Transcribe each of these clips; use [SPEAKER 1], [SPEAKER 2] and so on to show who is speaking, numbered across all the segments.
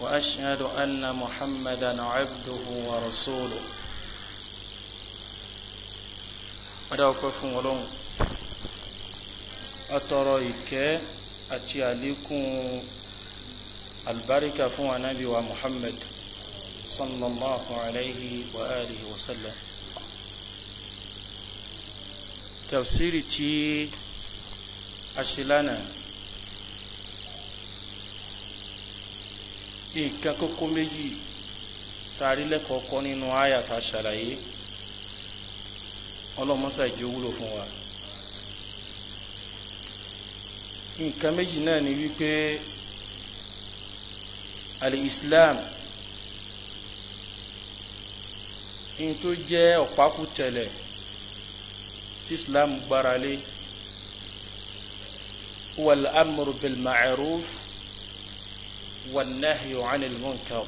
[SPEAKER 1] واشهد ان محمدا عبده ورسوله adáwọ̀pẹ́ fún ọlọ́run atọrọ ìkẹ́ àti àlékún albarika fún anábì wa muhammad sallallahu alayhi wa alihi wa sallam tafsiri tí a ṣe lánàá nǹkan kókó méjì taari lẹ́kọ̀ọ́ kọ́ nínú àyà tá a ṣàlàyé ọlọ́mọṣà ìjọ wúlò fún wa nǹkan méjì náà ni wípé al-Islam n tó jẹ́ ọ̀pákùtẹ̀lẹ̀ tí Islam gbára lé wal amru bil wannahyu anil munkar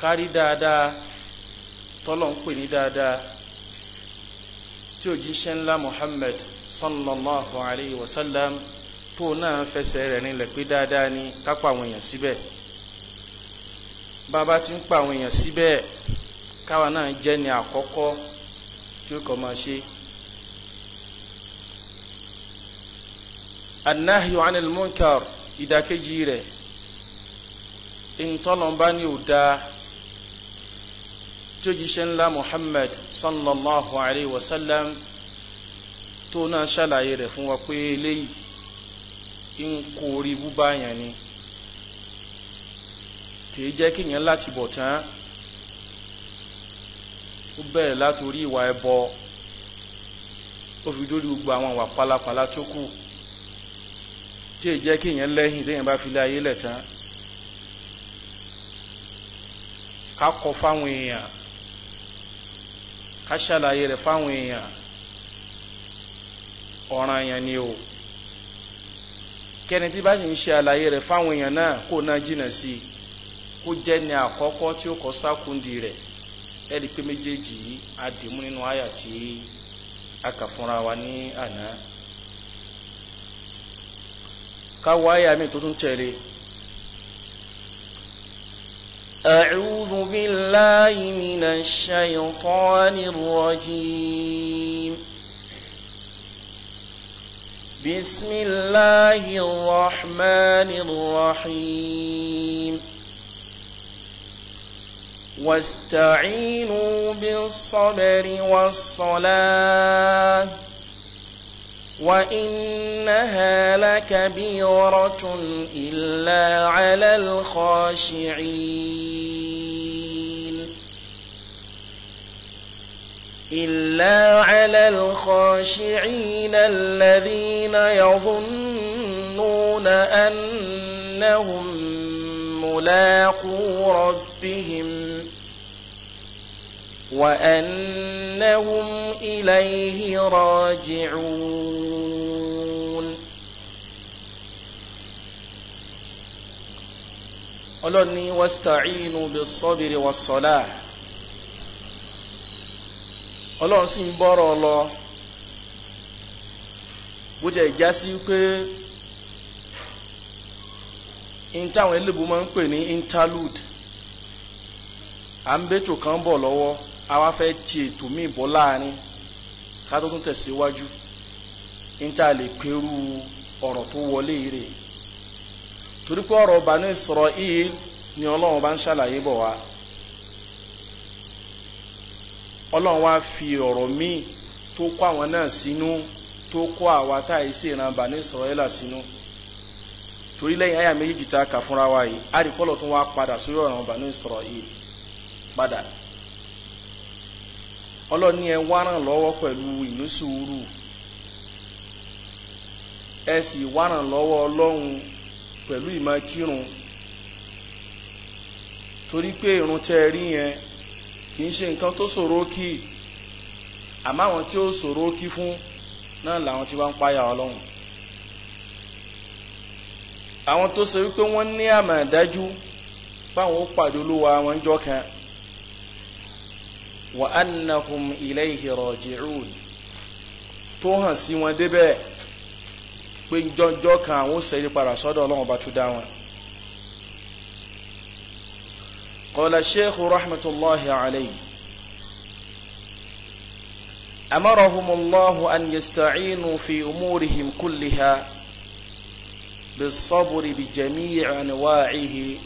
[SPEAKER 1] kárí dáadáa tọ́lọ̀ ń pè ní dáadáa tí òjíṣẹ́ ńlá Muhammad sallallahu alayhi wa sallam tó náà fẹsẹ̀ rẹ̀ nílẹ̀ pé dáadáa ni ká pa àwọn èèyàn síbẹ̀ bàbá ti ń pa àwọn èèyàn síbẹ̀ káwa náà jẹ́ ni àkọ́kọ́ tí ó kọ́ máa ṣe é. anahyu anil munkar ìdàkejì rẹ̀ ntọ́lọ́mbá ni ò dáa tójíṣẹ́ ńlá muhammad sallallahu alayhi wa sallam tó náà ṣàlàyé rẹ̀ fún wa pé eléyìí ń kórí búbá yẹn ni kìí jẹ́ kéèyàn láti bọ̀ tán ó bẹ̀rẹ̀ látòrí ìwà ẹbọ ó fi dórí gbogbo àwọn ìwà pálapàla tó kù tí è jẹ́ kéèyàn lẹ́yìn téèyàn bá filé ayé lẹ̀ tán ká kọ fáwọn èèyàn ká ṣàlàyé rẹ̀ fáwọn èèyàn ọ̀ràn yẹn ni o kẹ́ni tí bá sì ń ṣe àlàyé rẹ̀ fáwọn èèyàn náà kó náà jìnnà sí i kó jẹ́ ní àkọ́kọ́ tí ó kọ́ sákúndì rẹ̀ ẹ̀rí pé méjèèjì yìí nínú àyà tí a kà fúnra wa ní àná. ká wáyà mi tuntun tẹ̀lé. أعوذ بالله من الشيطان الرجيم بسم الله الرحمن الرحيم واستعينوا بالصبر والصلاه وإنها لكبيرة إلا على الخاشعين إلا على الخاشعين الذين يظنون أنهم ملاقو ربهم وأنهم إليه راجعون ọlọ́ni واستعينوا بالصبر والصلاة. was-salah ọlọ́run sì ń bọ́rọ̀ lọ bó jẹ́ ìjà sí pé in táwọn elébù máa ń pè ní interlude à ń bẹ́tò kan bọ̀ lọ́wọ́ a wá ti ètò míì bọ́ láàrin ká tó tún tẹ̀síwájú níta lè pẹ́rú ọ̀rọ̀ tó wọlé rè torí pé ọ̀rọ̀ Banu Isra'il ni ọlọ́run bá ń ṣàlàyé bọ̀ wá ọlọ́run wá fi ọ̀rọ̀ míì tó kó àwọn náà sínú tó kó àwa tá à sí ìran Banu là sínú torí lẹ́yìn àyà méjì ta kà fúnra wa yìí àdìpọ́lọ̀ tó wá padà sórí ọ̀rọ̀ Banu Isra'il padà. ọlọ́ni ẹ wárán lọ́wọ́ pẹ̀lú ìní ẹ sì wárán lọ́wọ́ ọlọ́run pẹ̀lú ìmọ̀ torí pé irun tẹ́ ẹ rí yẹn kì í ṣe nǹkan tó ṣòro kí àmọ́ àwọn tí ó ṣòro kí fún náà làwọn tí wọ́n ń páyà ọlọ́run àwọn tó ṣe wípé wọ́n ní àmọ̀ dájú báwọn ó pàdé olúwa wọn jọ kan wa annahum ilayhi raji'un tó hàn sí wọn débẹ̀ pé jọjọ́ kan àwọn sẹ́yìn padà sọ́dọ̀ ọlọ́run bá tún dá wọn. qala sheikhu rahmatulahi alayhi amarahum allahu an yasta'inu fi umurihim kulliha bisabri bijami'i anwa'ihi.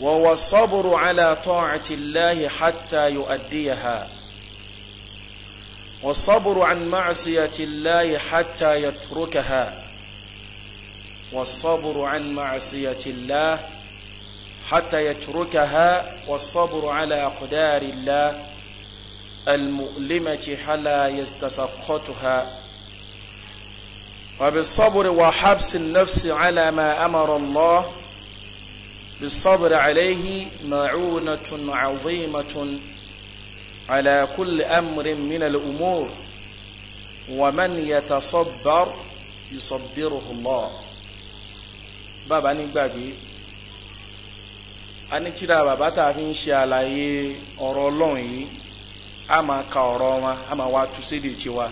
[SPEAKER 1] وهو الصبر على طاعة الله حتى يؤديها والصبر عن معصية الله حتى يتركها والصبر عن معصية الله حتى يتركها والصبر على أقدار الله المؤلمة حلا يستسقطها وبالصبر وحبس النفس على ما أمر الله بالصبر عليه معونة عظيمة على كل أمر من الأمور ومن يتصبر يصبره الله bàbá nígbàgbé a ní tíra bàbá tá a fi ń ṣe àlàyé ọ̀rọ̀ ọlọ́run yìí a máa ka ọ̀rọ̀ wọn a máa wá tú sédè tiwa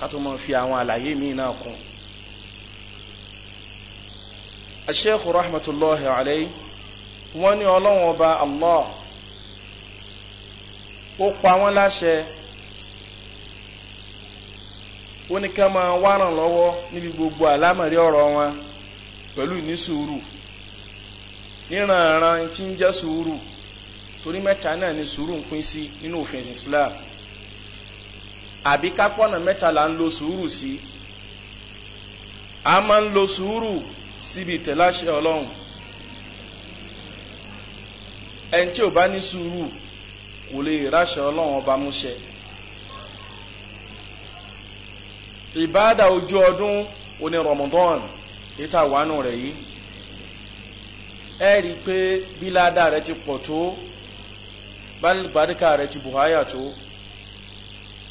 [SPEAKER 1] ká tó máa fi àwọn àlàyé míì náà kún. الشيخ رحمة الله عليه wọ́n ní ọlọ́run ọba allah ó pa wọ́n láṣẹ ó ní ká máa wá ràn lọ́wọ́ níbi gbogbo àlámọ̀rí ọ̀rọ̀ wọn pẹ̀lú ní sùúrù níranran tí ń jẹ́ sùúrù torí mẹ́ta náà ni sùúrù ń pín sí nínú òfin islam àbí kápọ́nà mẹ́ta là ń lo sùúrù sí a máa ń lo sùúrù síbi ìtẹ̀láṣẹ ọlọ́run ẹni tí ò bá ní sùúrù kò lè ráṣẹ ọlọ́run ọba múṣẹ. ìbáàdà ojú ọdún oní Ramadan ètò àwánú rẹ̀ yìí ẹ rí i pé bí ládàá rẹ ti pọ̀ tó báríkà rẹ ti bùháyà tó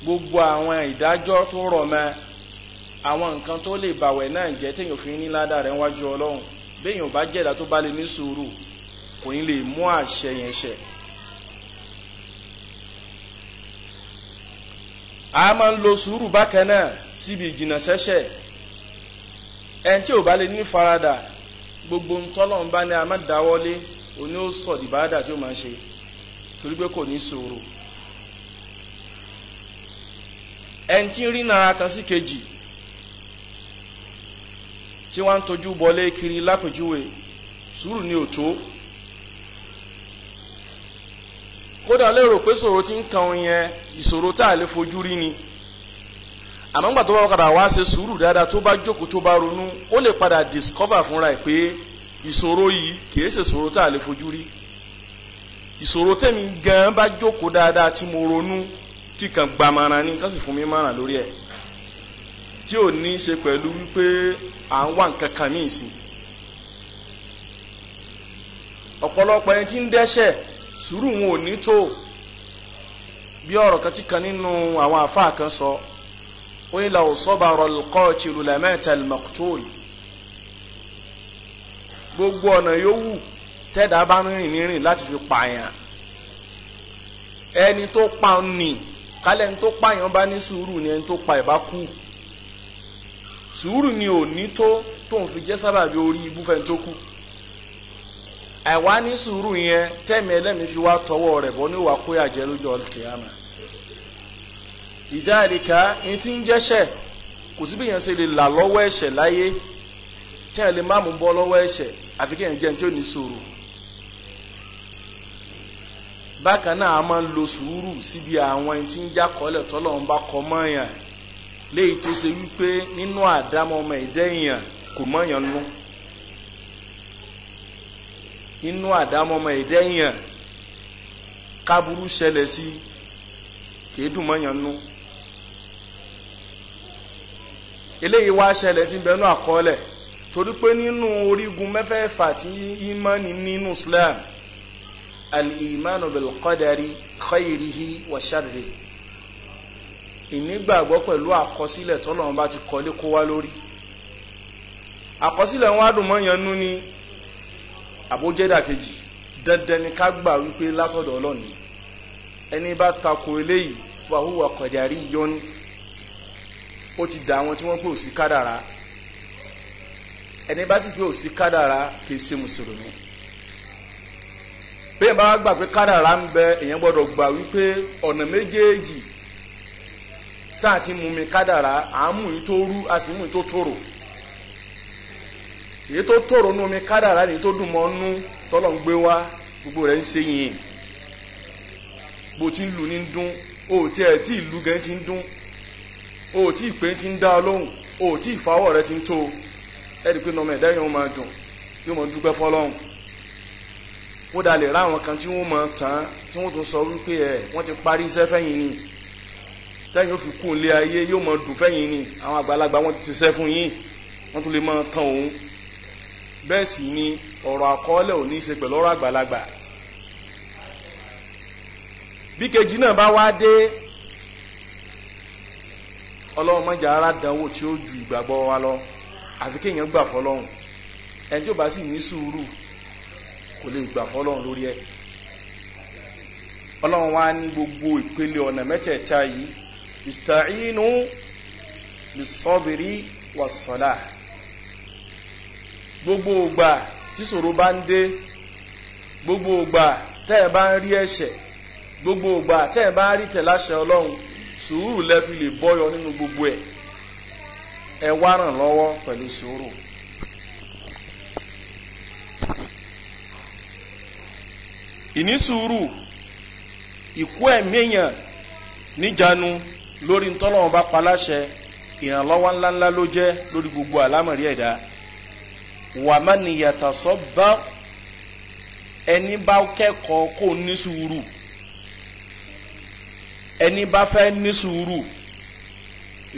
[SPEAKER 1] gbogbo àwọn ìdájọ́ tó rọ̀ mọ́ àwọn nǹkan tó lè bàwẹ̀ náà jẹ́ téèyàn fi ní ládàá rẹ̀ wájú ọlọ́run béèyàn bá jẹ̀dá tó bá lè ní sùúrù kò ní lè mú àṣẹ yẹn ṣẹ. a máa ń lo sùúrù bákan náà síbi ìjìnà sẹ́sẹ̀ ẹni tí ò bá lè ní faradà gbogbo ntọ́lọ́n bá ní a máa dáwọ́lé òní ó sọ ìbáradà tí ó máa ṣe torí pé kò ní sùúrù ẹni tí ń rí nara kan sí kejì tí wọ́n ń tọ́jú bọlé kiri lápèjúwe sùúrù ni ò tó. kódà lérò pé sòrò ti ń kan òun yẹn ìṣòro tá a lè fojú rí ni àmọ́ ńgbà tó bá padà wá ṣe sùúrù dáadáa tó bá jókòó tó bá ronú ó lè padà discover fúnra ẹ̀ pé ìṣòro yìí kìí ṣe ìṣòro tá a lè fojú rí ìṣòro tẹ̀mí gan bá jókòó dáadáa tí mo ronú kíkan gbàmọ̀ràn ni kásì fún mi mọ̀ràn lórí ẹ̀ tí ò ní í ṣe pẹ̀lú wípé à ń wá nǹkan kan míì sí ọ̀pọ̀lọpọ̀ ẹni tí ń dẹ́ṣẹ̀ sùúrù wọn ò ní tó bí ọ̀rọ̀ kan tí kan nínú àwọn àfáà kan sọ ó ní la sabara al-qatilu lamata al-maqtul gbogbo ọ̀nà yòówù tẹ́dá bá ń rìn ní rìn láti fi pààyàn ẹni tó pa ni kálẹ̀ ẹni tó pààyàn bá ní sùúrù ni ẹni tó pa ẹ̀ bá kú sùúrù ni ò ní tó tóun fi jẹ́ sábàbí orí ibú tó kú. àwa ní sùúrù yẹn tẹ́mi ẹlẹ́mi fi wá tọwọ rẹ̀ bọ́ ní ìwà kóyà jẹ́ lójú ọ̀kẹ́yàmà ìjà àdìkà ní ti ń jẹ́ṣẹ̀ kò síbi yẹn ṣe lè là lọ́wọ́ ẹ̀ṣẹ̀ láyé kí ẹ lè má mú bọ́ lọ́wọ́ ẹ̀ṣẹ̀ àfi kí ẹ jẹ́ tí ó ní sùúrù bákan náà a máa ń lo sùúrù síbi àwọn ẹni tí ń já kọ́lẹ̀ tọ́lọ̀ ń bá léyìí tó ṣe wípé nínú ọmọ kò No inú àdámọ́mọ ìdẹ́yìn káburú ṣẹlẹ̀ sí kì í dùn mọ́yàn nú eléyìí wá ṣẹlẹ̀ tí bẹ́ẹ̀ nú àkọọ́lẹ̀ torí pé nínú orígun mẹ́fẹ̀ẹ̀fà tí ìmánì nínú Islam al-imanu bil-qadari khayrihi wa sharrihi ìnígbàgbọ́ pẹ̀lú àkọsílẹ̀ tọ́lọ́run bá ti kọ́lé kó wá lórí àkọsílẹ̀ wọn á dùn mọ́yàn nú ni àbójẹ́dà kejì dandan ni ká gbà wípé látọ̀dọ̀ ọlọ́ni ẹni bá tako eléyìí fàhùwà kọ̀dàrí yọ́n ó ti dà àwọn tí wọ́n pè ò sí kádàrá ẹni bá sì pé ò sí kádàrá kì í ṣe mùsùlùmí bẹ́ẹ̀ bá gbà pé kádàrá ń bẹ èèyàn gbọ́dọ̀ gbà wípé ọ̀nà méjèèjì tá a ti mú mi kádàrá à ń mú yìí tó rú a sì mú yìí tó tòrò èyí tó tòrò nú mi kádàrá ni tó dùn mọ́ nú tọ́lọ̀ ń gbé wá gbogbo rẹ̀ ń ṣe yìn bó ti ń lu ní dún o ò tí ẹ tí ìlú gan ti ń dún o ò tí ìpè ti ń dá lóhùn o ò tí ìfawọ́ rẹ ti ń tó ẹ rí i pé nọmọ ẹ̀dá yẹn máa dùn yóò máa dúpẹ́ fọlọ́hùn wọ́n dalẹ̀ ráwọn kan tí wọ́n máa tán tí wọ́n tún sọ wípé ẹ wọ́n ti parí iṣẹ́ fẹ́yìn ni tẹ́yìn ó fi kún ilé ayé yóò máa dùn fẹ́yìn ni àwọn àgbàlagbà wọ́n ti ṣiṣẹ́ fún yín wọ́n tún lè máa tán òun bẹ́ẹ̀ sì ni ọ̀rọ̀ àkọọ́lẹ̀ ò ní í ṣe pẹ̀lú ọ̀rọ̀ àgbàlagbà bí kejì náà bá wá dé ọlọ́run mọ́jà ara dánwò tí ó ju ìgbàgbọ́ wa lọ àfi kéèyàn gbà fọlọ́run ẹni tí ó bá sì ní sùúrù kò lè gbà fọlọ́run lórí ẹ̀ ọlọ́run wa ní gbogbo ìpele ọ̀nà mẹ́tẹ̀ẹ̀ta yìí ìsìtàínú bisọ́bìrì wàsọ́lá gbogbo ògbà tí ṣòro bá ń dé gbogbo ògbà tẹ́ ẹ bá ń rí ẹ̀ṣẹ̀ gbogbo ògbà tẹ́ ẹ bá ń rí tẹ̀láṣẹ ọlọ́run sùúrù lẹ fi lè bọ́yọ nínú gbogbo ẹ̀ ẹ wá ràn lọ́wọ́ pẹ̀lú sùúrù. ìní sùúrù ìkú ẹ̀mí èèyàn níjànú lórí ntọ́lọ́wọ́n bá paláṣẹ ìrànlọ́wọ́ ńláńlá ló jẹ́ lórí gbogbo àlámọ̀rí ẹ̀dá. E wàmán yàtọ̀sọ́bà ẹni bá kẹ́kọ̀ọ́ kó ní sùúrù ẹni bá fẹ́ ní sùúrù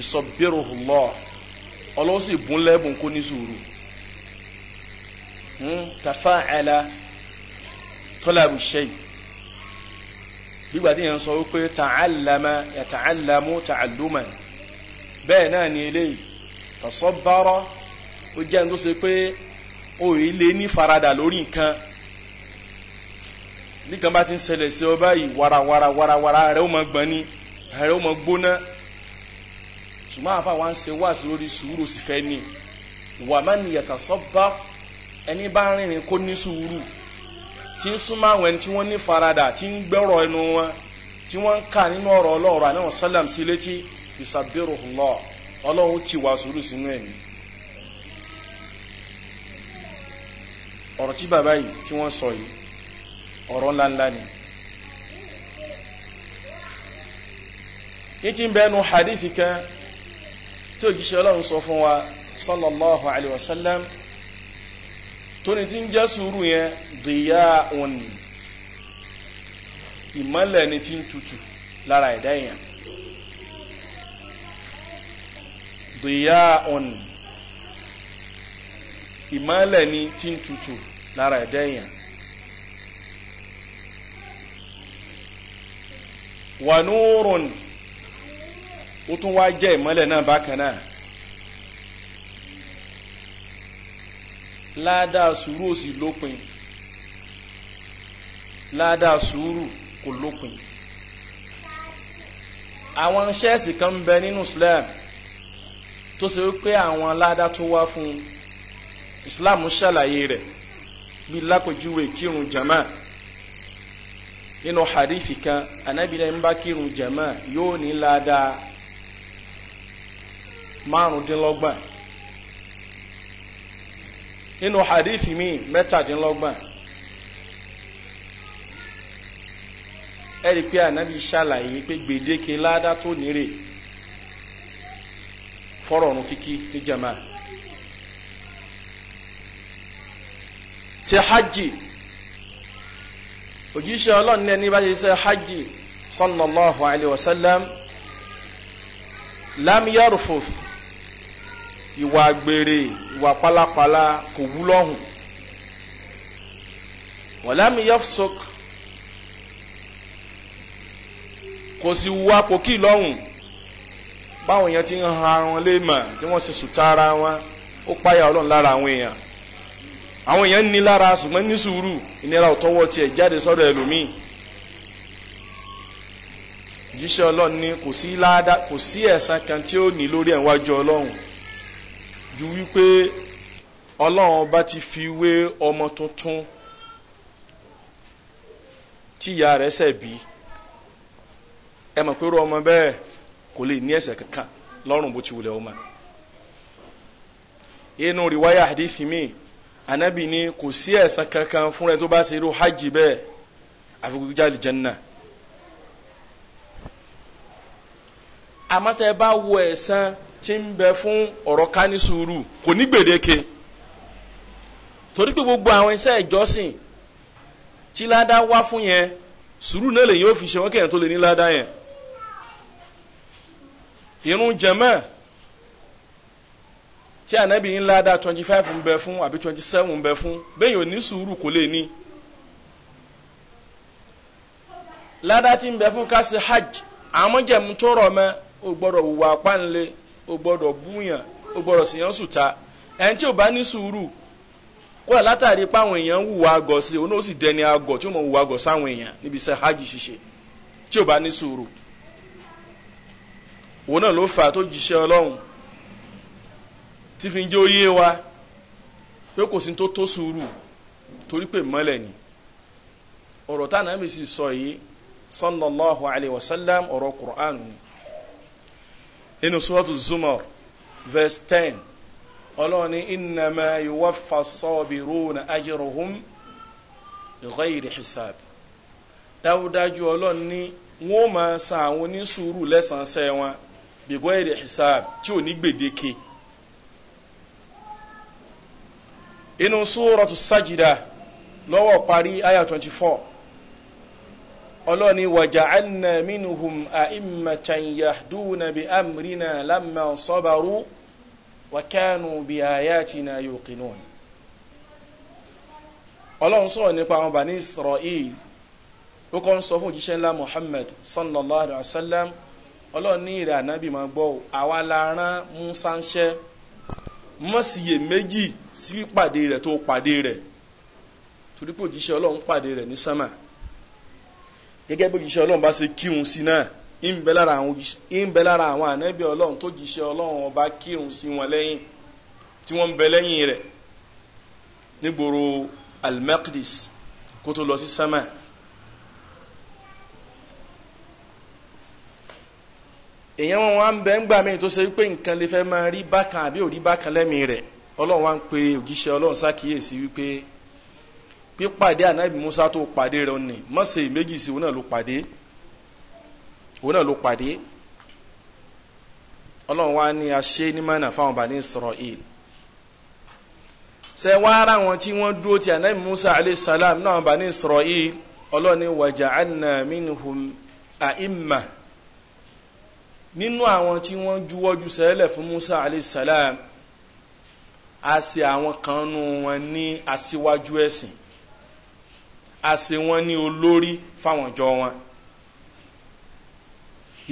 [SPEAKER 1] ìsọ̀bìrùhùlọ́ ọlọ́sì bùnlẹ́bùn kó ní sùúrù hmm, tàfà ẹ̀la tọ́làbù ṣẹ́yì gbígbà tí yẹn sọ wípé tàcálàmà yàtàcálàmù tàcálùmà bẹ́ẹ̀ náà ni eléyìí tàṣọ́bàrọ̀ ó jẹ́ ẹni tó ṣe pé òye lè ní faradà lórí nǹkan nìkan bá ti ń ṣẹlẹ̀ sí ọ báyìí warawara warawara rẹ ó mọ gbọ́n ni rẹ ó mọ gbóná ṣùgbọ́n àfa wa ń ṣe wáàsí lórí sùúrù sì fẹ́ ni wà má ní yàtọ̀ sọ́ba ẹni bá rìnrìn kó ní sùúrù tí ń súnmọ́ àwọn ẹni tí wọ́n ní faradà tí ń gbẹ́rọ̀ ẹnu wọn tí wọ́n ń kà nínú ọ̀rọ̀ ọlọ́ọ̀rọ̀ àná sálàm sí létí yusabiru Allah ọlọ́run ti wà sùúrù sínú ẹ̀mí ọ̀rọ̀ tí bàbá yìí tí wọ́n sọ yìí ọ̀rọ̀ ńláńlá ni ìtì ń bẹnu hadithi kan tí òjíṣẹ́ ọlọ́run sọ fún wa sallallahu alayhi wa sallam tóní tí ń jẹ́ sùúrù yẹn dìyà òní ìmọ́lẹ̀ ni tí ń tutù lára ẹ̀dá yẹn dìyà òní ìmọ́lẹ̀ ni tí ń tutù lára ẹ̀dá èèyàn. wànúrùn ó tún wá jẹ́ ìmọ́lẹ̀ náà bákan náà. ládàá sùúrù ò sì lópin ládàá sùúrù kò lópin àwọn ṣẹ́ẹ̀sì kan ń bẹ nínú Islam tó ṣe wípé àwọn ládàá tó wá fún un islam ṣàlàyé rẹ̀ bí lákòjúwe kírun jama nínú hadithi kan anabila ń bá kírun jama yóò ní ládàá márùndínlọ́gbọ̀n nínú hadithi mi mẹ́tàdínlọ́gbọ̀n eri pé anabi ṣàlàyé pé gbèdéke ládàá tó nírè fọ́rọ̀ ọ̀run kíkí ní jama. ṣe hajj òjíṣẹ́ ọlọ́run ẹni bá ṣe ṣe hajj sallallahu alayhi wa sallam lam yarfuf ìwà àgbèrè ìwà pálapàla kò wú lọ́hùn wàlámi yafsuk kò sí wá pòkì lọ́hùn báwọn èèyàn ti ń ha wọn lé tí wọ́n sì sùtá ara wọn ó páyà ọlọ́run lára àwọn èèyàn àwọn èèyàn ní lára ṣùgbọ́n ní sùúrù ìnira ọ̀tọ́wọ́ tiẹ̀ jáde sọ́dọ̀ ẹlòmíì jíṣẹ́ ọlọ́run ní kò sí láàdá kò sí ẹ̀san kan tí ó ní lórí ẹ̀wájú ọlọ́run ju wípé ọlọ́run bá ti fi wé ọmọ tuntun tí ìyá rẹ̀ ṣẹ̀ bí ẹ mọ̀ pé irú ọmọ bẹ́ẹ̀ kò lè ní ẹ̀ṣẹ̀ kankan lọ́rùn bó ti wulẹ̀ ọmọ inú rìwáyà àdìsí míì anabi ni kò sí ẹ̀san kankan fún ẹ tó bá ṣe irú hajj bẹ́ẹ̀ àfikún jáde jẹ́nà àmọ́tẹ́ bá wo ẹ̀san tí ń bẹ fún ọ̀rọ̀ ká ní sùúrù kò ní gbèdéke torí pé gbogbo àwọn iṣẹ́ ìjọsìn tí ládá wá fún yẹn sùúrù náà lè yóò fi ṣe wọ́n kéèyàn tó lè ní ládá yẹn irun jẹ̀mẹ́ẹ̀ tí ànábì ń ládàá twenty five ń bẹ fún àbí twenty seven ń bẹ fún bẹ́ẹ̀ yóò ní sùúrù kò lè ní. ládàá ti ń bẹ fún kásì hajj àmọ́jẹ̀mú tó rọ̀ mẹ́ o gbọ́dọ̀ wùwà pánlé o gbọ́dọ̀ búyàn o gbọ́dọ̀ sèyàn sùta ẹni tí o bá ní sùúrù kó látàrí páwọn èèyàn ń wùwà àgọ̀ sí oní ó sì dẹni àgọ̀ tí ó mọ̀ wùwà àgọ̀ sáwọn èèyàn níbi iṣẹ́ hajj ṣíṣe tí o bá ní sùúrù òun náà ló fà á tó jíṣẹ́ ọlọ́run tí fi ń jẹ́ oyé wa pé kò sí tó tó sùúrù torí pé mọ́lẹ̀ ni ọ̀rọ̀ tá ànábì sì sọ yìí sallallahu alayhi wa sallam ọ̀rọ̀ qur'an ni inú suratu zumar verse ten ọlọ́run ní innama yuwaffa sabiruna ajruhum ghayri hisab dáwúdájú ọlọ́run ní wọ́n máa san àwọn onísùúrù lẹ́sàn wọn bi hisab tí ò ní gbèdéke. inú súrọ̀tù sájìdá lọ́wọ́ parí àyà 24 ọlọ́ni waja'alna minhum a'immatan yahduna bi amrina lamma sabaru wa kanu bi ayatina yuqinun ọlọ́run sọ̀rọ̀ nípa àwọn bani Isra'il ó kọ́ ń sọ fún òjíṣẹ́ ńlá Muhammad sallallahu alaihi wa ọlọ́run ní ìrẹ̀ ànábì máa gbọ́ àwa la Musa ń ṣẹ́ mọ́síyè méjì sí pàdé rẹ̀ tó pàdé rẹ̀ torí pé òjíṣẹ́ ọlọ́run pàdé rẹ̀ ní sámà gẹ́gẹ́ bí òjíṣẹ́ ọlọ́run bá ṣe kírun sí náà ń bẹ lára àwọn ànábì ọlọ́run tó jíṣẹ́ ọlọ́run ọba kírun sí wọn lẹ́yìn tí wọ́n ń bẹ lẹ́yìn rẹ̀ nígboro al-Maqdis kó tó lọ sí sámà. Si èèyàn wọn wá ń bẹ ń gbà mí tó ṣe wípé nǹkan lè fẹ́ máa rí bákan àbí ò rí bákan lẹ́mìí rẹ̀ ọlọ́run wá ń pe òjíṣẹ́ ọlọ́run ṣàkíyèsí wípé pípàdé ànábì musa tó pàdé rẹ̀ ni mọ̀sẹ̀ méjì sí òun náà ló pàdé òun náà ló pàdé ọlọ́run wá ní aṣẹ́ nímọ̀nà fáwọn bàní israel ṣe wá ara wọn tí wọ́n dúró ti ànábì musa alayhi salam náà bàní israel ọlọ́run ní wàjà ànàmínú àìmà nínú àwọn tí wọ́n juwọ́jú sẹ́lẹ̀ fún Musa alayhisalam a ṣe àwọn kan nù wọn ní aṣíwájú ẹ̀sìn a ṣe wọn ní olórí fáwọn ìjọ wọn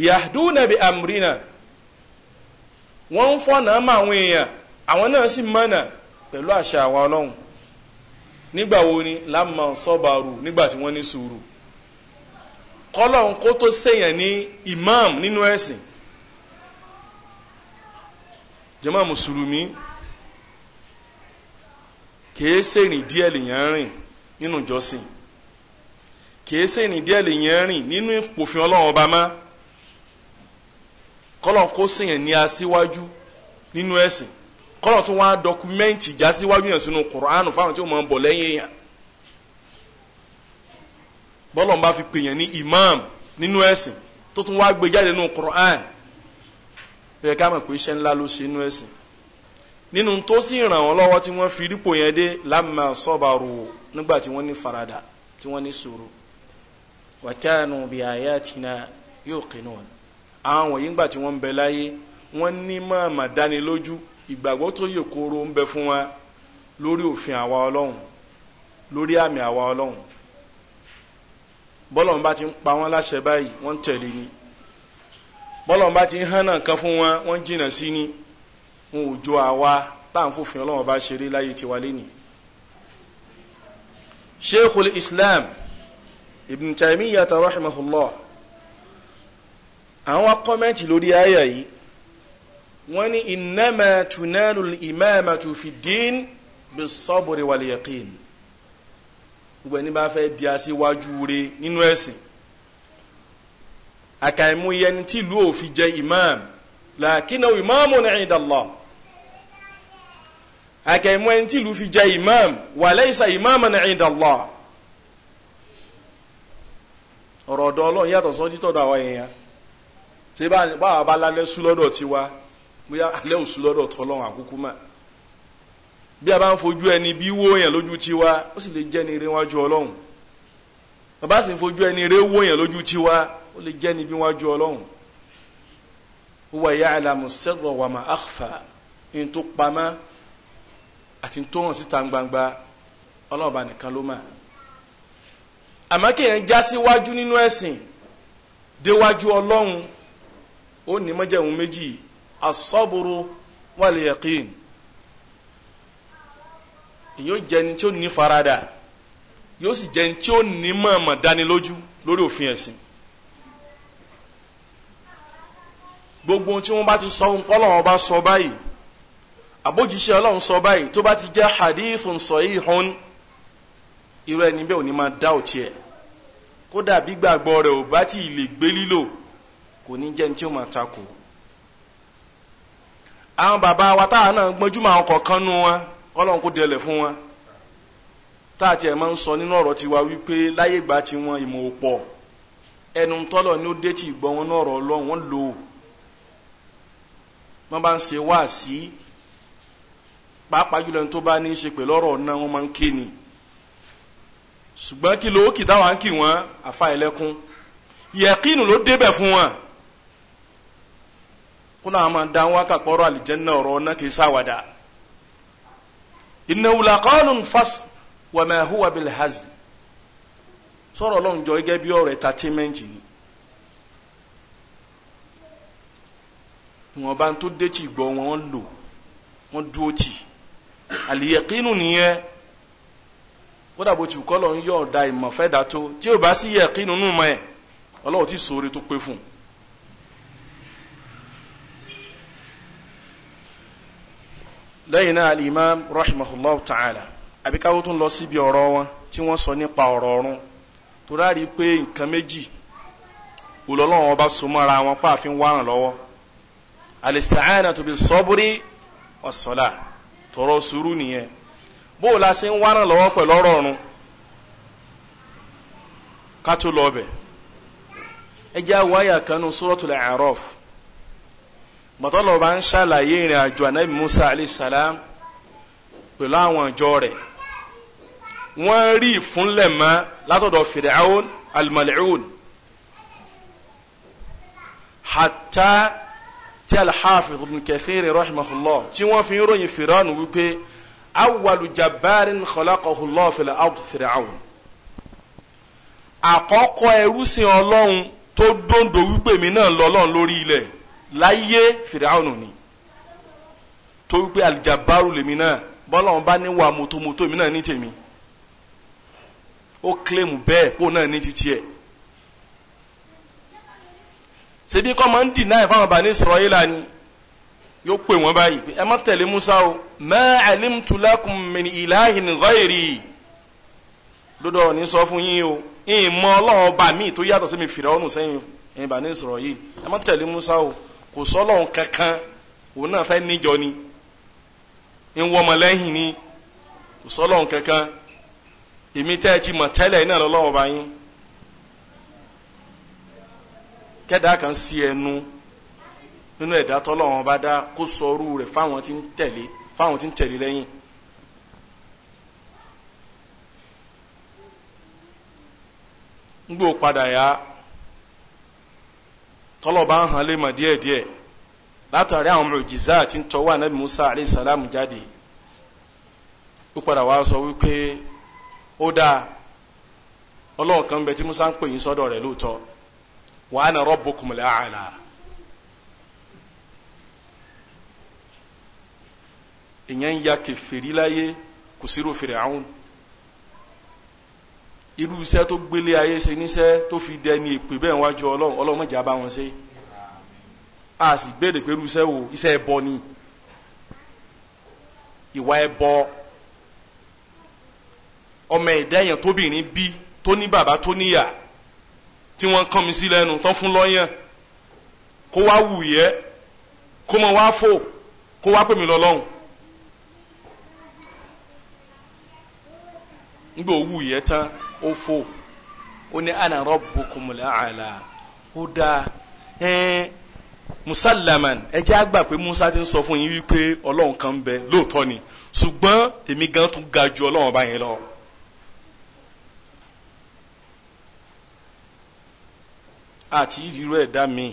[SPEAKER 1] yahduna bi amrina wọ́n ń fọ́nà mọ́ àwọn èèyàn àwọn náà sì mọ̀nà pẹ̀lú àṣà àwọn ọlọ́run nígbà wo ni lámà sọ́bàrù nígbà tí wọ́n ní sùúrù kọ́lọ́n kó tó ṣèyàn ní imam nínú ẹ̀sìn jàmá Musulumi, kìí ṣe ìrìn díẹ̀ lèyàn rìn nínú ìjọsìn kìí ṣe ìrìn díẹ̀ lèyàn rìn nínú ìpòfin ọlọ́run ọba má kọ́lọ̀ kó sèyàn ní aṣíwájú nínú ẹ̀sìn kọ́lọ̀ tó wá dọkumẹ́ǹtì já síwájú yẹn sínú kùránù fáwọn tí ó máa ń bọ̀ lẹ́yìn yẹn bọ́lọ̀ ń bá fi pè yẹn ní imam nínú ẹ̀sìn tó tún wá gbé jáde nínú kùránù ó yẹ ká mọ̀ pé iṣẹ́ ńlá ló ṣe inú ẹ̀sìn nínú tó sì ràn wọ́n lọ́wọ́ tí wọ́n fi rípò yẹn dé lámà sọ́bàrù nígbà tí wọ́n ní faradà tí wọ́n ní sùúrù wa kanu bi ayatina yuqinun àwọn wọ̀nyí ńgbà tí wọ́n ń bẹ láyé wọ́n ní mọ̀ọ́mọ̀ dánilójú ìgbàgbọ́ tó yẹ kóró ń bẹ fún wa lórí òfin àwa ọlọ́run lórí àmì àwa ọlọ́run bọ́lọ̀ ń bá ti ń pa wọ́n láṣẹ báyìí wọ́n tẹ̀lé ni bọ́lọ́n bá ti ń hánà kan fún wọn wọ́n jìnnà sí ni wọn ò jọ àwa tá à ń fòfin ọlọ́wọ́n bá ṣeré láyé tiwa lẹ́nìí. sheikhul islam ibn taymiyyah rahimahullah àwọn kọ́mẹ́ǹtì lórí àyà yìí wọ́n ní innama tunalu imamatu fi din bis-sabri wal-yaqin gbogbo bá fẹ́ di aṣíwájú rẹ̀ nínú ẹ̀sìn àkàìmúyẹ ní tí ìlú ò fi jẹ imam làkínà ìmáàmù ní ìdàlọ́ àkàìmúyẹ ní tí ìlú fi jẹ imam wà lẹ́yìísà ìmáàmù ní ìdàlọ́ ọ̀rọ̀ ọ̀dọ̀ ọlọ́run yàtọ̀ sọ́jí tọ̀dọ̀ àwọn èèyàn ṣé báwa bá lálẹ́ sú lọ́dọ̀ tiwa bóyá alẹ́ ò sú lọ́dọ̀ tọ́lọ́run àkúkú mà bí a bá ń fojú ẹni bí wó yẹn lójú tiwa ó sì lè jẹ́ ni eré wájú ọlọ́run bàbá sì ń fojú ẹni eré wó yẹn lójú tiwa ó lè jẹ́ níbi wájú ọlọ́run huwa ya'lamu sirra wa ma akhfa ní tó pamọ́ àti tó hàn síta gbangba ọlọ́run bá nìkan ló mà àmọ́ kéèyàn já síwájú nínú ẹ̀sìn déwájú ọlọ́run ó ní mọ́jẹ̀hún méjì asọ́bùrù wal yaqin yóò jẹni tí ó ní farada yóò sì jẹni tí ó ní mọ̀ọ́mọ̀ dánilójú lórí òfin ẹ̀sìn. gbogbo ohun tí wọ́n bá ti sọ ń kọ́lọ̀ wọn bá sọ báyìí àbójíṣẹ́ ọlọ́run sọ báyìí tó bá ti jẹ́ hadithun sahihun irú ẹni bẹ́ẹ̀ ò ní máa dá òtí ẹ̀ kódà bí gbàgbọ́ rẹ̀ ò bá tí ì lè gbé lílò kò ní jẹ́ ní tí ó máa takò àwọn bàbá wa táà náà gbọ́njúmọ́ àwọn kọ̀ọ̀kan nu wọn kọ́lọ́run kó dẹlẹ̀ fún wọn táà tiẹ̀ máa ń sọ nínú ọ̀rọ̀ tiwa wípé láyé ìgbà tí ìmọ̀ òpọ̀ ẹnu tọ́lọ̀ ni ó dé tí ìgbọ́ wọn náà ọ̀rọ̀ ọlọ́run wọn lò ó wọ́n bá ń ṣe wáàsí pàápàá jùlọ ní tó bá ní í ṣe pẹ̀lú ọ̀rọ̀ ọ̀nà wọn máa ń ké ni ṣùgbọ́n kí ló kì táwọn kì wọ́n àfa ẹlẹ́kún yẹ̀kínù ló débẹ̀ fún wọn kó náà máa dá wọn kàpọ̀rọ̀ àlìjẹ́nà ọ̀rọ̀ ọ̀nà kì í sáwàdà innahu laqawlun fasl wa ma huwa sọ̀rọ̀ ọlọ́run jọ gẹ́gẹ́ bí ọ̀rọ̀ ẹ̀tàtímẹ́ǹtì ni wọn bá ń tó détì gbọ́ wọn wọn lò wọn dúró tì àlìyẹ̀kínú nìyẹn kódà bó ti kọ́ lọ ń yọ̀ ọ̀dà ìmọ̀ fẹ́ dà tó tí ò bá sí yẹ̀kínú nù mọ́ ẹ̀ ọlọ́wọ́ ti sóore tó pé fún lẹ́yìn náà alimam rahimahullah ta'ala àbíkáwó tún lọ síbi ọ̀rọ̀ wọn tí wọ́n sọ nípa ọ̀rọ̀ ọ̀run tó rárí pé nǹkan méjì òlọ́lọ́wọ́n ọba so mọ́ra wọn pàfin wárán lọ́wọ́ alistaanatu bi sọbiri wasola tọrọ sùúrù nìyẹn bó o la ṣe ń wára lọ́wọ́ pẹ̀lú ọ̀rọ̀ ọ̀run kátó lọ́ọ̀bẹ̀ ẹ jẹ́ àwọn àyà kan nínú suratul A'raf mọ̀tọ́lọ̀ bá ń ṣàlàyé ìrìn àjò ànábì Musa alayhisalaam pẹ̀lú àwọn ìjọ rẹ̀ wọ́n rí ìfúnlẹ̀ mọ́ látọ̀dọ̀ Fir'aun al-mal'un tí alhafiz ibn kathir rahimahullah tí wọ́n fi ń ròyìn firaun wípé awwalu jabbarin khalaqahu allah fil ard fir'aun àkọ́kọ́ ẹrúsìn ọlọ́run tó dòndò wípé mi náà lọ́lọ́run lórí ilẹ̀ láyé firaun ni tó wípé alijabaru lèmi náà bọ́lọ́run bá ní wà mọ́tòmọ́tò mi náà ní tèmi ó kílèmù bẹ́ẹ̀ kó náà ní titi ẹ̀ ṣebí kọ́ máa ń dì náà fáwọn bani Israila ni yóò pè wọ́n báyìí ẹ má tẹ̀lé Musa o ma alimtu lakum min ilahin ghayri lọ́dọ̀ ní sọ fún yín o ìmọ̀ ọlọ́run ọba mi tó yàtọ̀ sí mi Firaonu sẹ́yìn ẹ̀yìn bani Israili ẹ má tẹ̀lé Musa o kò sọ́lọ́run kankan òun náà fẹ́ níjọ ni ń wọ́mọlẹ́yìn ni kò sọ́lọ́run kankan èmi tẹ́ ẹ ti mọ̀ tẹ́lẹ̀ náà lọ́lọ́run ọba kẹ́dà kan sí ẹnu nínú ẹ̀dá tọ́lọ́wọ́n bá dá kó sọrú rẹ̀ fáwọn tí ń tẹ̀lé fáwọn tí ń tẹ̀lé lẹ́yìn. ń padà yá bá ń hàn lé mọ̀ díẹ̀díẹ̀ látàrí àwọn àti Musa alayhi salam jáde ó padà sọ wípé ó dáa bẹ Musa ń pè yín sọ́dọ̀ وأنا ربكم rabbukumul إن ìyẹn ya kèfèrí láyé kò sírò Fir'aun irú iṣẹ́ tó gbélé ayé ṣe níṣẹ́ tó fi dẹni èpè bẹ́ẹ̀ wájú ọlọ́run ọlọ́run mọ̀jà bá wọn ṣe a sì béèrè pé irú iṣẹ́ wo iṣẹ́ ẹbọ ni ìwà ẹbọ ọmọ ẹ̀dá èèyàn tóbìnrin bí tó bàbá tó tí wọ́n kàn mí sí lẹ́nu tán fún lọ́yàn kó wá wù yẹ kó mọ wá fò kó wá pè mí lọ́lọ́hùn nígbà owó yẹ tán ó fò ó ní ana rabbukumul a'la ó dáa ẹn musalaman ẹ jẹ́ àgbà pé musa ti ń sọ fún yín wípé ọlọ́run kan ń bẹ lóòótọ́ ni ṣùgbọ́n èmi gan tún ga ju ọlọ́run bá yẹn lọ. àti irú ẹ̀dá mi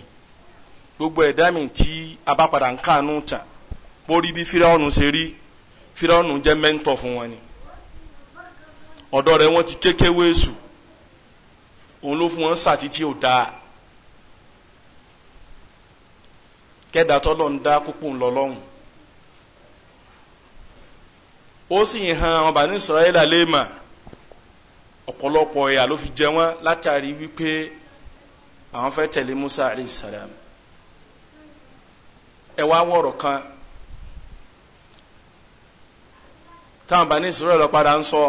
[SPEAKER 1] gbogbo ẹ̀dá mi tí a bá padà ń kàánú tàn borí bí fíráwọ̀nù ṣe rí fíráwọ̀nù jẹ́ mẹ́ńtọ̀ fún wọn ni ọ̀dọ́ rẹ̀ wọ́n ti kékéwé èṣù òun ló fún wọn sàtítí ò dáa kẹ́dà tọ́lọ̀ ń dá púpọ̀ ńlọ́lọ́hùn ó sì hàn àwọn bàní Ísírẹ́lì léèmà ọ̀pọ̀lọpọ̀ ẹ̀yà ló fi jẹ wọ́n látàrí wípé àwọn fẹ́ tẹ̀lé musa alayhi salam ẹ wá wọ̀rọ̀ kan táwọn bani Israẹli padà ń sọ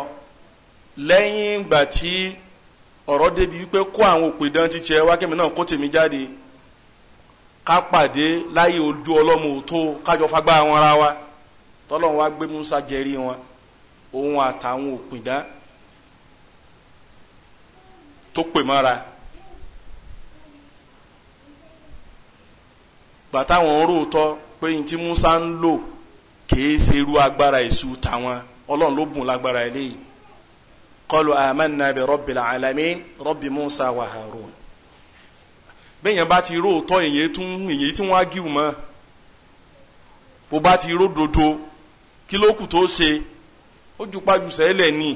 [SPEAKER 1] lẹ́yìn ìgbà tí ọ̀rọ̀ débi wípé kó àwọn òpìdán ti tiẹ̀ wá kémi náà kó tèmi jáde ká pàdé láyé ojú ọlọ́mọ òtó kájọ fagbá wọn ara wa tọ́lọ́run wá gbé musa jẹrí wọn òun àtàwọn òpìdán tó pè mọ́ra. gbàtà wọn róòtọ́ pé ní tí Musa ń lò kìí serú agbára èṣù tàwọn ọlọ́run ló bùn lágbára eléyìí qalu amanna bi rabbil alamin rabbi Musa wa Harun bẹ́ẹ̀yàn bá ti róòtọ́ èyí tún èyí tí wọ́n á gíw mọ́ bó bá ti ródodo kí ló kù tó ṣe ó ju pàjù sẹ́lẹ̀ ni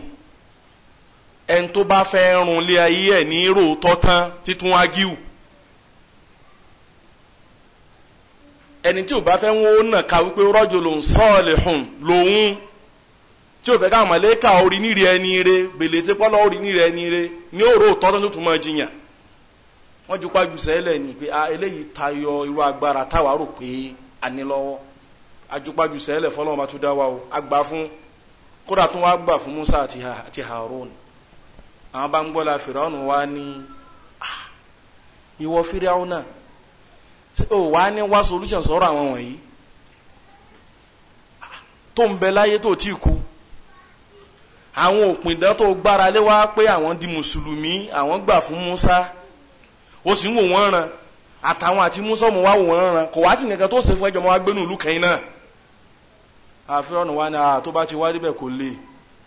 [SPEAKER 1] ẹni tó bá fẹ́ rún lé ayé ẹ̀ ní róòtọ́ tán títún á gíw. ẹni tí ò bá fẹ́ wọn ó nà ká wípé rajulun salihun lòun tí ò fẹ́ ká màlẹ́kà orí ẹni re gbèlè tí pọ́lọ́ orí níri ẹni re ní òró tọ́tọ́ tó tún máa jiyàn wọ́n ju pàjù sẹ́lẹ̀ ni pé eléyìí tayọ irú agbára táwa rò pé a ní lọ́wọ́ ajupaju sẹ́lẹ̀ fọlọ́wọ́n bá tún dá wa o agbá fún kódà tún wá gbà fún Musa àti Harun àwọn bá ń gbọ́ la ní iwọ ah, o wà á ní wá solution sọ̀rọ̀ àwọn wọ̀nyí tó ń bẹ láyé tó tí kú àwọn òpìdán tó gbára lé wá pé àwọn di mùsùlùmí àwọn gbà fún Musa ó sì ń wò wọ́n ràn àtàwọn àti Musa ọmọ wa wò wọ́n ràn kò wá sí nìkan tó ṣe fún ẹjọ́ ọmọ wa gbénu ìlú kẹ́yìn náà àfihàn wa ni àà tó bá ti wá débẹ̀ kò le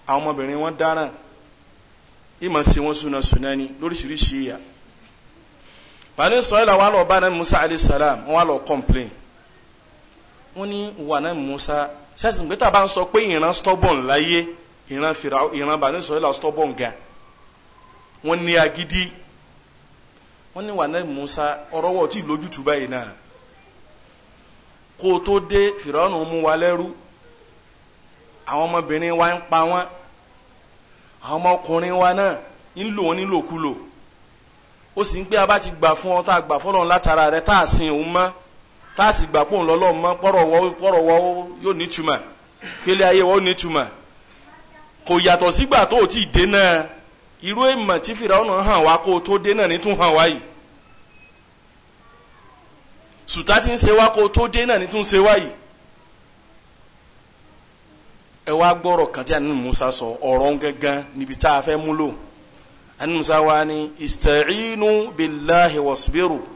[SPEAKER 1] àwọn ọmọbìnrin wọn dáràn ìmọ̀ sí wọn súná súná ni lóríṣiríṣi ìyà bani sọhila wa lọ ba na musa alayhi salam wa lọ complain wọ́n ní wà na musa sasi gbé tá bá ń sọ pé ìran stubborn láyé ìran fira ìran bani sọhila stubborn gan wọ́n ní agídí wọ́n ní wà na musa ọ̀rọ̀ wọ ti lójútu báyìí náà kó dé fìrọ́nù mú wa lẹ́rú àwọn ọmọbìnrin wa ń pa wọ́n àwọn ọmọkùnrin wa náà ń lò wọ́n nílòkulò ó sì ń pé abá ti gbà fún ọ tá a gbà fọlọ́run látara rẹ tá a sin òun mọ́ tá a sì gbà pọ̀ ńlọ́lọ́ mọ́ pọ̀rọ̀ wọ́ pọ̀rọ̀ wọ́ yóò nítumọ̀ pélé ayé wọ́ nítumọ̀ kò yàtọ̀ sígbà tó o ti dé náà irú èèmọ̀ tí fìràwọ̀n hàn wá kó o tó dé ní tún hàn wá yìí sùtá ti ń ṣe wá kó o tó dé ní tún ṣe wá yìí ẹ wá gbọ́rọ̀ kan tí Musa sọ ọ̀rọ̀ gangan níbi tá a fẹ́ múlò anumusa wa ni istaciinu billahi wasbiru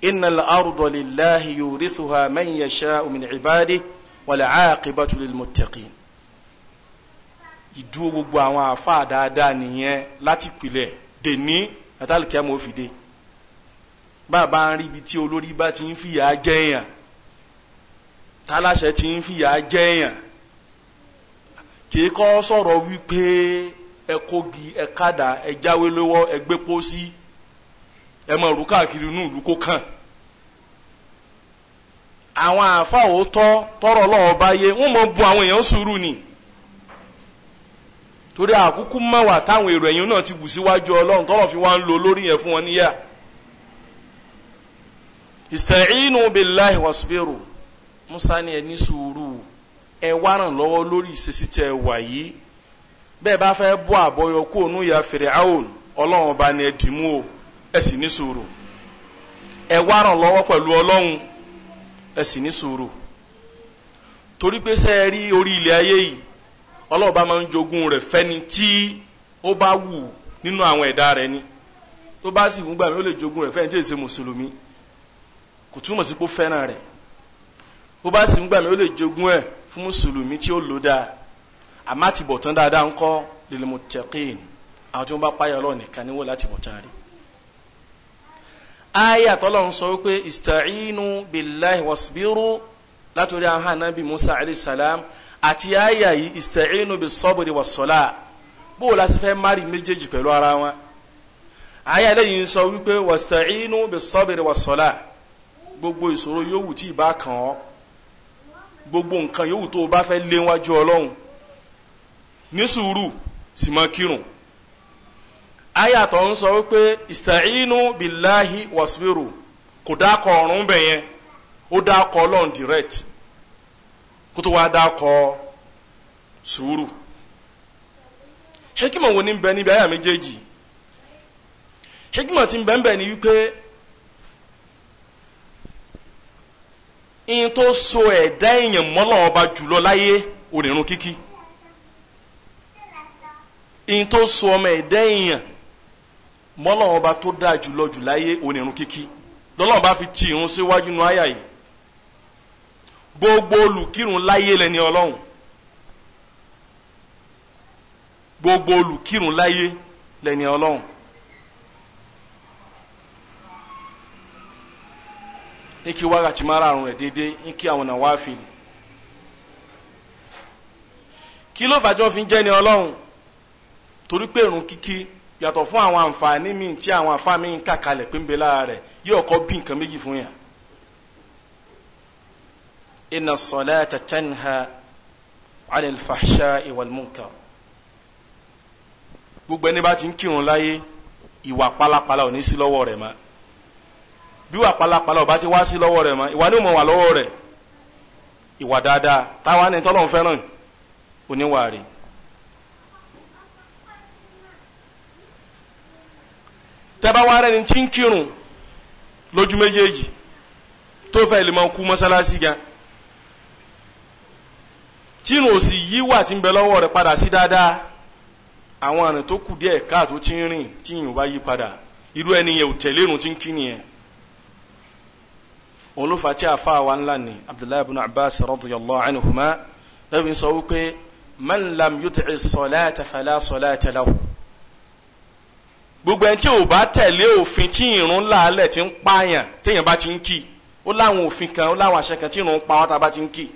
[SPEAKER 1] inna al'ardo lillahi yurithuha man yasha min ibadi wala caaqibatu lilmuttaqin ìdúró gbogbo àwọn àfa dáadáa nìyẹn láti pilẹ̀ dèní àtàlùkẹ́ àmọ́ òfìdé bàbá ń rí ibi tí olórí bá ti ń fìyà jẹ́yàn tálàṣẹ ti ń fìyà jẹ́yàn kì í kọ́ ẹkọgi ẹkada ẹjáwé lọ́wọ́ ẹgbẹpọsí ẹmọ ìlú káàkiri inú ìlú kó kàn àwọn àáfàá òótọ́ tọrọ lọ́wọ́ báyé wọ́n mọ̀ bu àwọn èèyàn sùúrù ni torí àkúkú mẹ́wàá táwọn èrò ẹ̀yìn náà ti bù síwájú ọlọ́run tọ́lọ̀ fi wá ń lo lórí yẹn fún wọn níyà ista'inu billahi wasbiru musa ni ẹ ní sùúrù ẹ wá ràn lọ́wọ́ lórí ìṣesí tẹ wà bẹ́ẹ̀ bá fẹ́ bọ́ àbọ̀yọ kó onú ya fèrè àwọn ọlọ́run bá ní o ẹ sì ní sùúrù ẹ wá ràn lọ́wọ́ pẹ̀lú ọlọ́run ẹ sì ní sùúrù torí pé sẹ́ ẹ rí orí ilẹ̀ ayé yìí ọlọ́run bá máa ń jogún rẹ̀ fẹ́ni ni tó bá sì wù gbà mí ó lè jogún rẹ̀ fẹ́ni tí èsè mùsùlùmí kò túmọ̀ sí pé ó fẹ́ràn rẹ̀ tó bá sì gbà àmọ́ àtibọ̀tán dáadáa ń kọ́ lilmuttaqin àwọn tí wọ́n bá páyà Ọlọ́run nìkan ni wọ́n láti bọ̀tán rí. aya tọ́lọ̀ ń sọ wípé ista'inu billahi wasbiru látòrí àwọn ànábì Musa alayhi salam àti aya yìí ista'inu bis-sabri was-salah láti fẹ́ mari méjèèjì pẹ̀lú ara wọn aya lẹ́yìn sọ wípé wasta'inu bis-sabri was gbogbo ìṣòro yòówù tí ì bá kàn ọ́ gbogbo nǹkan yòówù tó o bá fẹ́ léwájú Ọlọ́run ní sùúrù sì máa kírun aya ń sọ wípé ista'inu billahi wasbiru kò dákọ̀ ọ̀run bẹ̀ yẹn ó dákọ̀ ọlọ́run direct kó tó wá dákọ̀ sùúrù hekima wo ni ń bẹ níbi aya méjèèjì hekima ti ń bẹ ń bẹ ni wípé in tó so ẹ̀dá èèyàn mọ́lọ́wọ́ ọba jùlọ láyé onírun kíkí. in tó so ọmọ ẹ̀dá èèyàn mọ́lọ́wọ́n ọba tó dáa jùlọ jùláyé onírun kíkí lọ́lọ́wọ́n bá fi ti irun síwájú nu àyà yìí gbogbo olùkírun láyé lẹni ọlọ́run gbogbo olùkírun láyé lẹni ọlọ́run ní kí wákàtí márààrún rẹ̀ déédéé ní kí àwọn náà wá fi kí ló fi ń ni ọlọ́run torí pé irun kíkí yàtọ̀ fún àwọn àǹfààní míì tí àwọn àǹfààní míì ń kà kalẹ̀ pé ń bẹ lára rẹ̀ yóò kọ́ bí nǹkan méjì fún yàn. inna salata tanha anil fahsha'i gbogbo ẹni bá ti ń kírun láyé ìwà pálapàla ò ní sí lọ́wọ́ rẹ̀ mọ́ bí ìwà pálapàla ò bá ti wá sí lọ́wọ́ rẹ̀ mọ́ ìwà ni ó mọ̀ wà lọ́wọ́ rẹ̀ ìwà dáadáa táwa ni tọ́lọ́ fẹ́ràn oníwà rẹ̀ tẹ́bá wá rẹ̀ ní tí ń kírun lójú méjèèjì tó fẹ́ lè máa kú mọ́sálásí gan tínú òsì yìí wà tí ń bẹ lọ́wọ́ rẹ̀ padà sí dáadáa àwọn àrùn tó kù díẹ̀ káàtó tí ń rìn tí yìnyín bá yí padà irú ẹni yẹn ò tẹ̀lé irun tí ń kí nìyẹn òun ló fà á tí a fa àwa ńlá ni abdullahi ibn abbas radiyallahu anhuma lẹ́yìn sọ wípé man lam yuti'i salata fala salata lahu gbogbo ẹni tí ò bá tẹ̀lé òfin tí ìrun làálẹ̀ ti ń pààyàn téèyàn bá ti ń kì ó láwọn òfin kan ó láwọn àṣẹ kan tí ìrun ń pa wọ́n tá a bá ti ń kì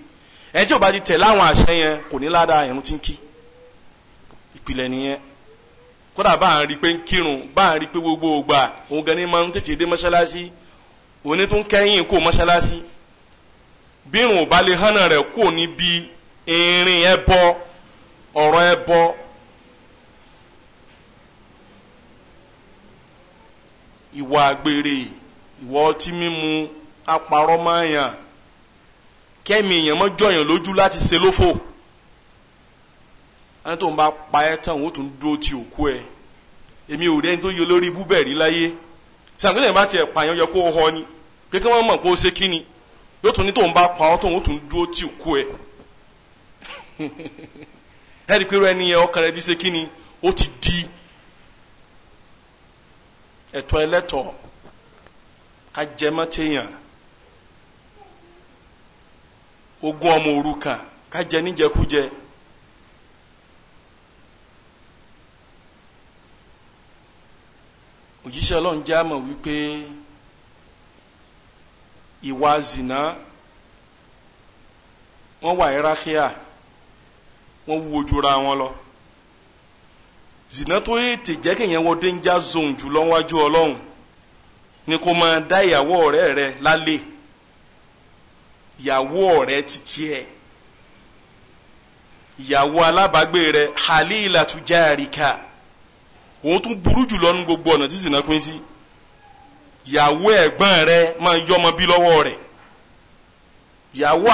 [SPEAKER 1] ẹni tí ò bá ti tẹ̀lé àwọn àṣẹ yẹn kò ní ládàá ìrun ti ń kì ìpìlẹ̀ nìyẹn kódà bá ń rí pé ń kírun bá ń rí pé gbogbo ògbà òun gan ni máa ń tètè dé mọ́ṣáláṣí òní tó ń kẹ́yìn kó mọ́ṣáláṣí bírun ò bá lè hánà rẹ̀ kó níbi irin ẹbọ ọ̀rọ̀ ẹbọ ìwà àgbèrè ìwà ọtí mímu apàrọ̀ máa yàn kẹ́mi èèyàn mọ́ jọyàn lójú láti ṣe lófò ẹni tó ń bá pa ẹ́ tán ó tún dúró ti òkú ẹ èmi ò rí ẹni tó yẹ lórí ibú bẹ̀rí láyé sàgbélé bá tiẹ̀ pààyàn yẹ kó họ ni pé kí wọ́n mọ̀ pé ó ṣe kí ni yóò tún ní tó ń bá pa ọ́ tó ń tún dúró ti òkú ẹ ẹ̀rí pé ẹni ọkàn rẹ̀ ti ṣe kí ó ti di ẹ̀tọ́ ẹlẹ́tọ́ ká jẹmọ́ téèyàn ogún ọmọ òrukàn ká jẹ níjẹkújẹ òjíṣẹ́ Ọlọ́run jẹ́ àmọ̀ wípé ìwà zìnà wọ́n wà ẹ́rákíà wọ́n wú ojúra wọn lọ. zina tó yẹ ti jẹ́ kéèyàn wọ danger zone jùlọ wájú ọlọ́run ni kó da dá ìyàwó ọ̀rẹ́ rẹ lálé ìyàwó ọrẹ titi ẹ̀ yawọ alabagbe rẹ halila tu jarika òun tún buru jùlọ ní gbogbo ọ̀nà tí zina pín sí ìyàwó ẹ̀gbọ́n rẹ ma yọmọ bí lọ́wọ́ rẹ̀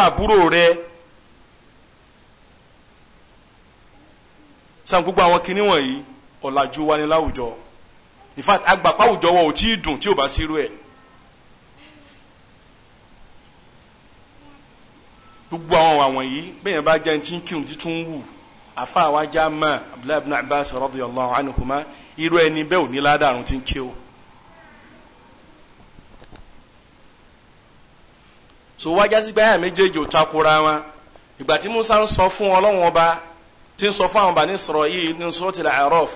[SPEAKER 1] àbúrò rẹ sàn gbogbo àwọn kinní wọ̀nyí ọ̀làjú wa ni láwùjọ in fact agbapá àwùjọ wọn ò tí ì dùn tí ò bá sírú ẹ̀ gbogbo àwọn àwọn yìí bẹ́ẹ̀ yẹn bá jẹ́ ti ń kírun títún wù afa wa já mọ́ abdullahi ibn abbas radiyallahu anhuma irú ẹni bẹ́ẹ̀ ò ní ládàrún ti ń kí o. so wájà sí gbáyà méjèèjì ò takora wọn ìgbà tí musa ń sọ fún ọlọ́wọ́n ọba tí ń sọ fún àwọn Bani Israil ní Suratul A'raf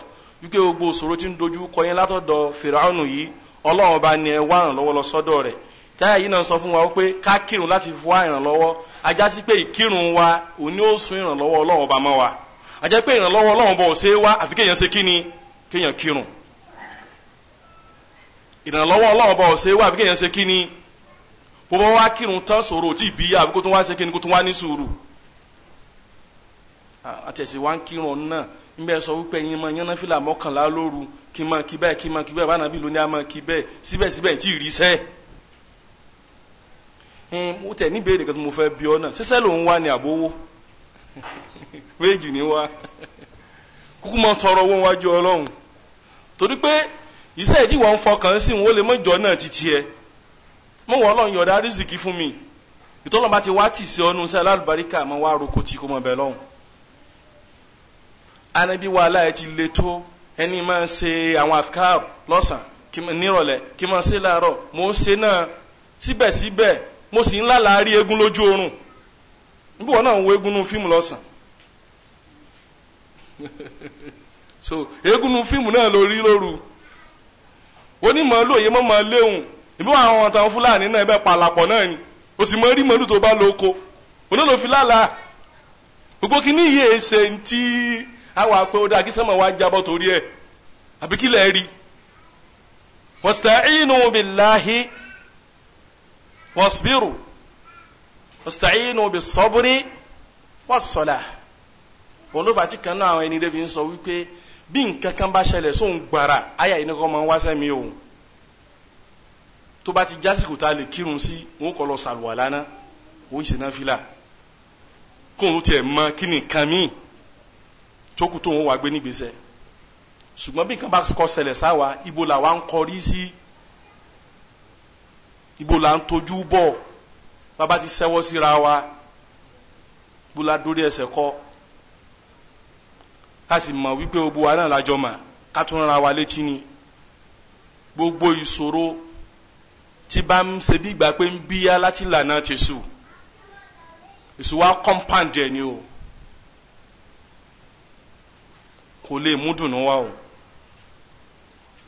[SPEAKER 1] wípé gbogbo òṣòro tí ń dojú kọ yín látọ̀dọ̀ Fìràánù yìí Ọlọ́run bá ní ẹ wá ìrànlọ́wọ́ lọ sọ́dọ̀ rẹ̀ táyà yìí náà sọ fún wa wípé ká kírun láti wá ìrànlọ́wọ́ ajá sí pé ìkírun wa òní ó sun ìrànlọ́wọ́ Ọlọ́run bá mọ́ wa ajá pé ìrànlọ́wọ́ Ọlọ́run bọ̀ ṣe wá àfi kéèyàn ṣe kíni kéèyàn kírun ìrànlọ́wọ́ Ọlọ́run bọ̀ ṣe wá àfi kéèyàn ṣe kíni bó bá wá kírun tán sòrò tí ì bí yá àbí kó tún wá ṣe kíni kó tún wá ní sùúrù àtẹ̀sí wa ń kírun ọ̀nù náà ń bẹ́ẹ̀ sọ wípé ẹ̀yin máa yánná fìlà mọ́kànlá lóru kí n máa kí bẹ́ẹ̀ kí n máa kí bẹ́ẹ̀ bánàbí lóní àmọ́ kí bẹ́ẹ̀ síbẹ̀síbẹ̀ tí ì rí sẹ́. mo tẹ̀ ní ìbéèrè kan tí mo fẹ́ bí ọ náà ṣiṣẹ́ lòun wá ní àbówó wéèjì ni wá kúkú máa tọrọ owó wájú ọlọ́run torí pé iṣẹ́ ìdí wọn fọkàn sí wọn ó lè mọ́jọ náà ti tiẹ̀ mọ́ wọn ọlọ́run yọ̀ọ̀dá rìsìkì fún mi ìtọ́lọ́ba ti wá tì sí ọ́nù sẹ́ alálùbáríkà máa wá roko tí kò mọ̀ bẹ́ẹ̀ lọ́hùn anabi wàhálà ẹ ti le tó ẹni máa ń ṣe àwọn afkar lọ́sàn-án nírọ̀lẹ́ kí máa ṣe láàárọ̀ mo ṣe náà síbẹ̀síbẹ̀ mo sì ń lálàárí eégún lójú oorun níbi wọn náà ń wo eégún nínú fíìmù lọ́sàn so eégún nínú fíìmù náà ló rí lóru onímọ̀ lóye mọ́ máa léhùn níbi wọn àwọn ọ̀tàn fúlàní náà ẹbẹ̀ pàlàpọ̀ náà ni o sì mọ rí mọ́lú tó bá lóko onílòfin lálàá gbogbo kí ní iye ṣe ń tí àwọn apẹ́ ó dáa kí sẹ́mọ̀ wá jábọ̀ torí ẹ̀ àbí kí lẹ̀ rí wasta'inu billahi wasbiru wasta'inu bis-sabri was-salah wọn ló fàtí kan náà àwọn ẹni rẹ̀ fi ń sọ wípé bí nǹkan kan bá ṣẹlẹ̀ sóun gbàrà àyà yìí ni kò máa ń wá sẹ́mi o tó bá ti jásìkò tá a lè kírun sí wọn kọ lọ sàlùwà lánàá wọn sì náà fi là kóun tiẹ̀ mọ kí nìkan míì tókù tó ń wà gbé nígbèsè ṣùgbọ́n bí nǹkan bá kọ́ ṣẹlẹ̀ sáwa ibo là wà ń kọrí sí ibo là ń tójú bọ̀ bàbá ti sẹ́wọ́ síra wa ibo la dórí ẹsẹ̀ kọ́ ká sì mọ̀ wípé gbogbo wa náà lájọ mà ká tún ra wa létí ni gbogbo ìṣòro tí bá ń ṣe bí ìgbà pé ń bíyá láti lànà tẹ̀sù èso wa compound ẹ̀ ni o. kò lè mú dùnú wá o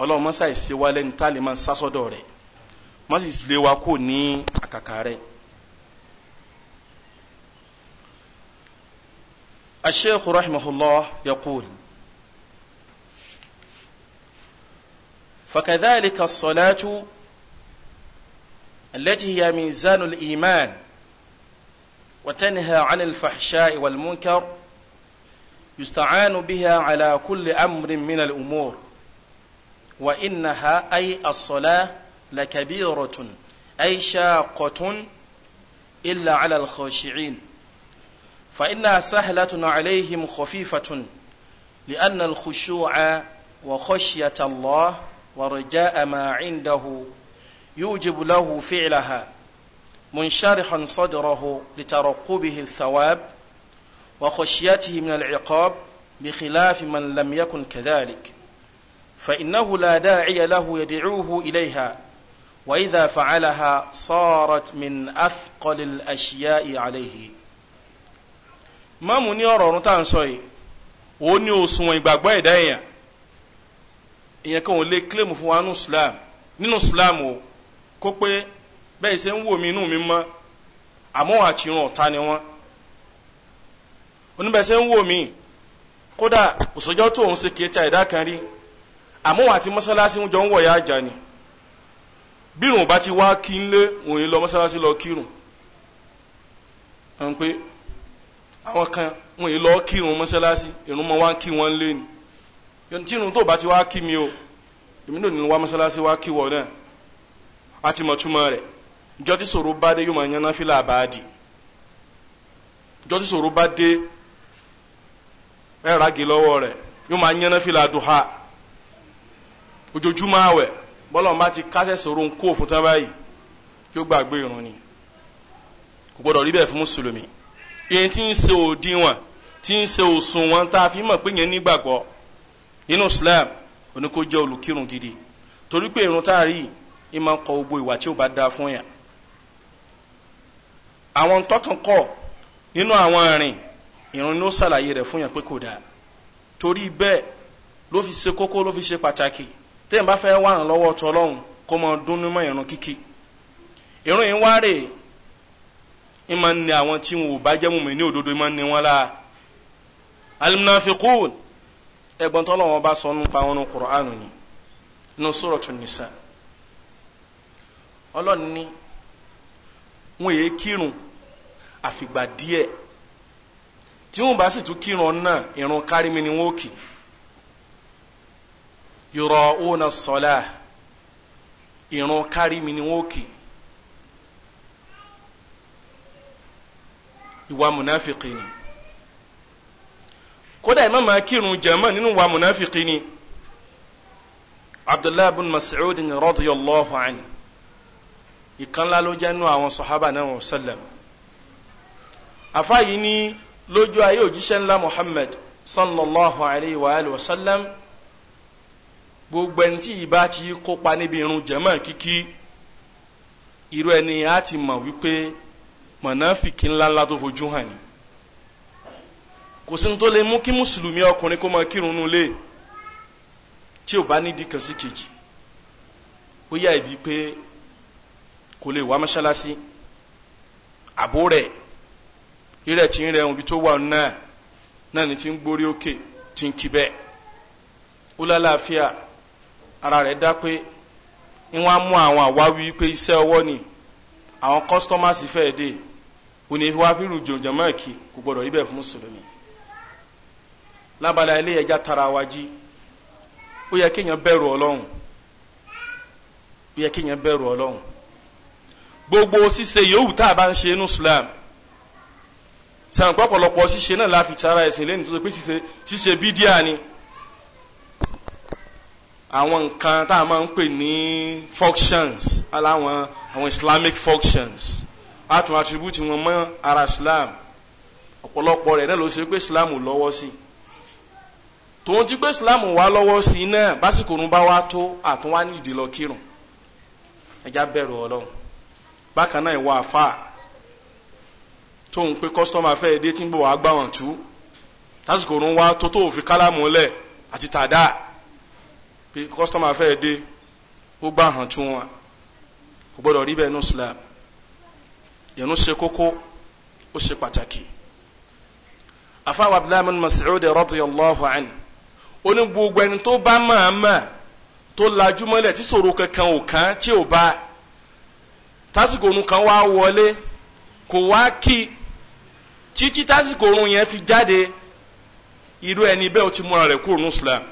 [SPEAKER 1] ọlọ́run mọ́sá ìṣe wa lẹ́ni tá a lè sáì ṣe wa kò ní sì le wa ko rẹ̀. الشيخ رحمه الله يقول فكذلك الصلاة التي هي ميزان الإيمان وتنهى عن الفحشاء والمنكر يستعان بها على كل أمر من الأمور وإنها أي الصلاة لكبيرة أي شاقة إلا على الخاشعين فإنها سهلة عليهم خفيفة لأن الخشوع وخشية الله ورجاء ما عنده يوجب له فعلها منشرحا صدره لترقبه الثواب وخشيته من العقاب بخلاف من لم يكن كذلك فإنه لا داعي له يدعوه إليها وإذا فعلها صارت من أثقل الأشياء عليه má mu ní ọ̀rọ̀ ọ̀run tá à ń sọ yìí ó ní òṣùwọ̀n ìgbàgbọ́ ẹ̀dá èèyàn èèyàn kan ò lè kílèmù fún wa nínú Islam nínú Islam o kó pé bẹ́ẹ̀ ṣe ń wò mí inú mi mọ́ àmọ́ àti irun ọ̀tá ni wọ́n oníbẹ̀sẹ̀ ń wò mí kódà òṣòjọ́ tó òun ṣe kéétà ẹ̀dá kan rí àmọ́ àti mọ́sálásí ń ń wọ̀ ya ajá ni bírun bá ti wá kí ń lé òun lọ mọ́sálásí lọ kírun àwọn pé àwọn kan wọn lọ kírun mọ́sálásí ìrun mọ́ wá kí wọ́n lé ni tí irun tó bá ti wá kí mi o èmi náà ní wá mọ́sálásí wá kí wọ́n náà a ti mọ̀ túmọ̀ rẹ̀ jọ́tí sòro bá dé yóò máa yan náfìlà àbáàdì jọ́tí sòro bá dé ẹ ragi lọ́wọ́ rẹ̀ yóò máa yẹn náfìlà duha ojoojúmọ́ àwẹ̀ bọ́lá ọmọ ti kásẹ̀ sọ̀rọ̀ ń kó òfin tán báyìí kí ó gbàgbé irun ni kò gbọdọ̀ rí bẹ́ẹ̀ fún mùsùlùmí yẹn ti ń ṣe òdiwọ̀n tí ń ṣe òṣùwọ̀n tá a fi mọ̀ pé yẹn nígbàgbọ́ inú Islam oní kó jẹ́ olùkírun gidi torí pé irun tá yìí máa ń kọ gbogbo ìwà tí ó bá dáa fún yàn àwọn tọkàn kọ nínú àwọn ìrìn ìrun ní ó ṣàlàyé rẹ̀ fún yàn pé kò dáa torí bẹ́ẹ̀ ló fi ṣe kókó ló fi ṣe pàtàkì téèyàn bá fẹ́ wà lọ́wọ́ tọ́lọ́hún kó mọ dúnú mọ́ ìrun kíkí ìrun yìí wá rè é máa ń ní àwọn tí wọn ò bá jẹ́ mùmí ní òdodo máa ń ní wọn láà alimunafikun ẹ̀gbọ́n tọ́lọ́hún bá sọ nípa wọn ní kur'an ni ní suratul nisa ọlọ́ni wọn èé kírun àfìgbà díẹ̀ tí wọn bá sì tún kírun náà irun kárìmí ni wọn ò kì yura'una as-salah irun kárìmí ni wọn ò kì ìwà munafiki ni kódà ìmọ̀ máa kírun jẹ̀mọ́ nínú ìwà munafiki ni abdullahi bin mas'ud radiyallahu anhu ìkànnlá ló jẹ́ nínú àwọn sọ̀hábà náà wọ́n sẹ́lẹ̀ afáyí ni lójú ayé òjíṣẹ́ ńlá Muhammad sallallahu alayhi wa alayhi wa sallam gbogbo ẹni tí ìbá ti kópa níbi irun jẹ́mọ̀ kíkí irú ẹni á ti mọ̀ wípé mọ̀nàfìkì ńláńlá tó fojú hàn ní kò sí ní tó lè mú kí mùsùlùmí ọkùnrin kó máa kírun nulẹ̀ tí ò bá nídìí kan sí kejì ó yá ìdí pé kò lè wá mọ́ṣáláṣí àbó rírẹ̀ tí ń rẹ̀ ohun ibi tó wà náà náà ni ti ń gbórí òkè tí ń kí bẹ́ẹ̀ ó lálàáfíà ara rẹ̀ dá pé wọ́n á mú àwọn àwáwí pé iṣẹ́ ọwọ́ ni àwọn kọ́sítọ́màsì fẹ́ẹ́ dé òní wàá fi rùjò jọ̀mọ́ kí kò gbọ́dọ̀ rí bẹ́ẹ̀ fún mùsùlùmí lábala ilé ẹja tara wa jí ó yẹ kéèyàn bẹ̀rù ọlọ́run ó yẹ kéèyàn bẹ̀rù ọlọ́run gbogbo ṣíṣe yòówù tá a bá ń ṣe inú Islam sànkọ́ ọ̀pọ̀lọpọ̀ ṣíṣe náà la fi tara ẹ̀sìn lẹ́nu tó ṣe pé ṣíṣe bídíà ni àwọn nǹkan tá a máa ń pè ní functions aláwọn àwọn islamic functions àtún attribute wọn mọ́ ara islam ọ̀pọ̀lọpọ̀ rẹ̀ náà ló ṣe pé islam lọ́wọ́ sí tòun ti pé islam wà lọ́wọ́ sí náà básìkò òun bá wá tó àtúnwá nídìí lọ kírun ẹja bẹ̀rù ọlọ́run bákan náà ìwà àfáà tóun pé kọ́sítọ́mà fẹ́ dé tí ń bọ̀ wá gbà wọ́n tú tásìkò òun wá tó tó òfin kálámù lẹ̀ àti tàdá pé kọ́sítọ́mà fẹ́ dé ó gbà hàn tú wọn kò gbọ́dọ̀ rí bẹ́ẹ̀ ní Islam yẹnu ṣe kókó ó ṣe pàtàkì afáwọn Abdullahi bin Mas'ud radiyallahu anhu ó ní gbogbo ẹni tó bá máa máa tó lajú mọ́lẹ̀ tí ṣòro kankan ò kàn tí ò bá tásìkò òun kan wá wọlé kò wá kí títí tásìkò oorun yẹn fi jáde irú ẹni bẹ́ẹ̀ ó ti múra rẹ̀ kúrò ní islam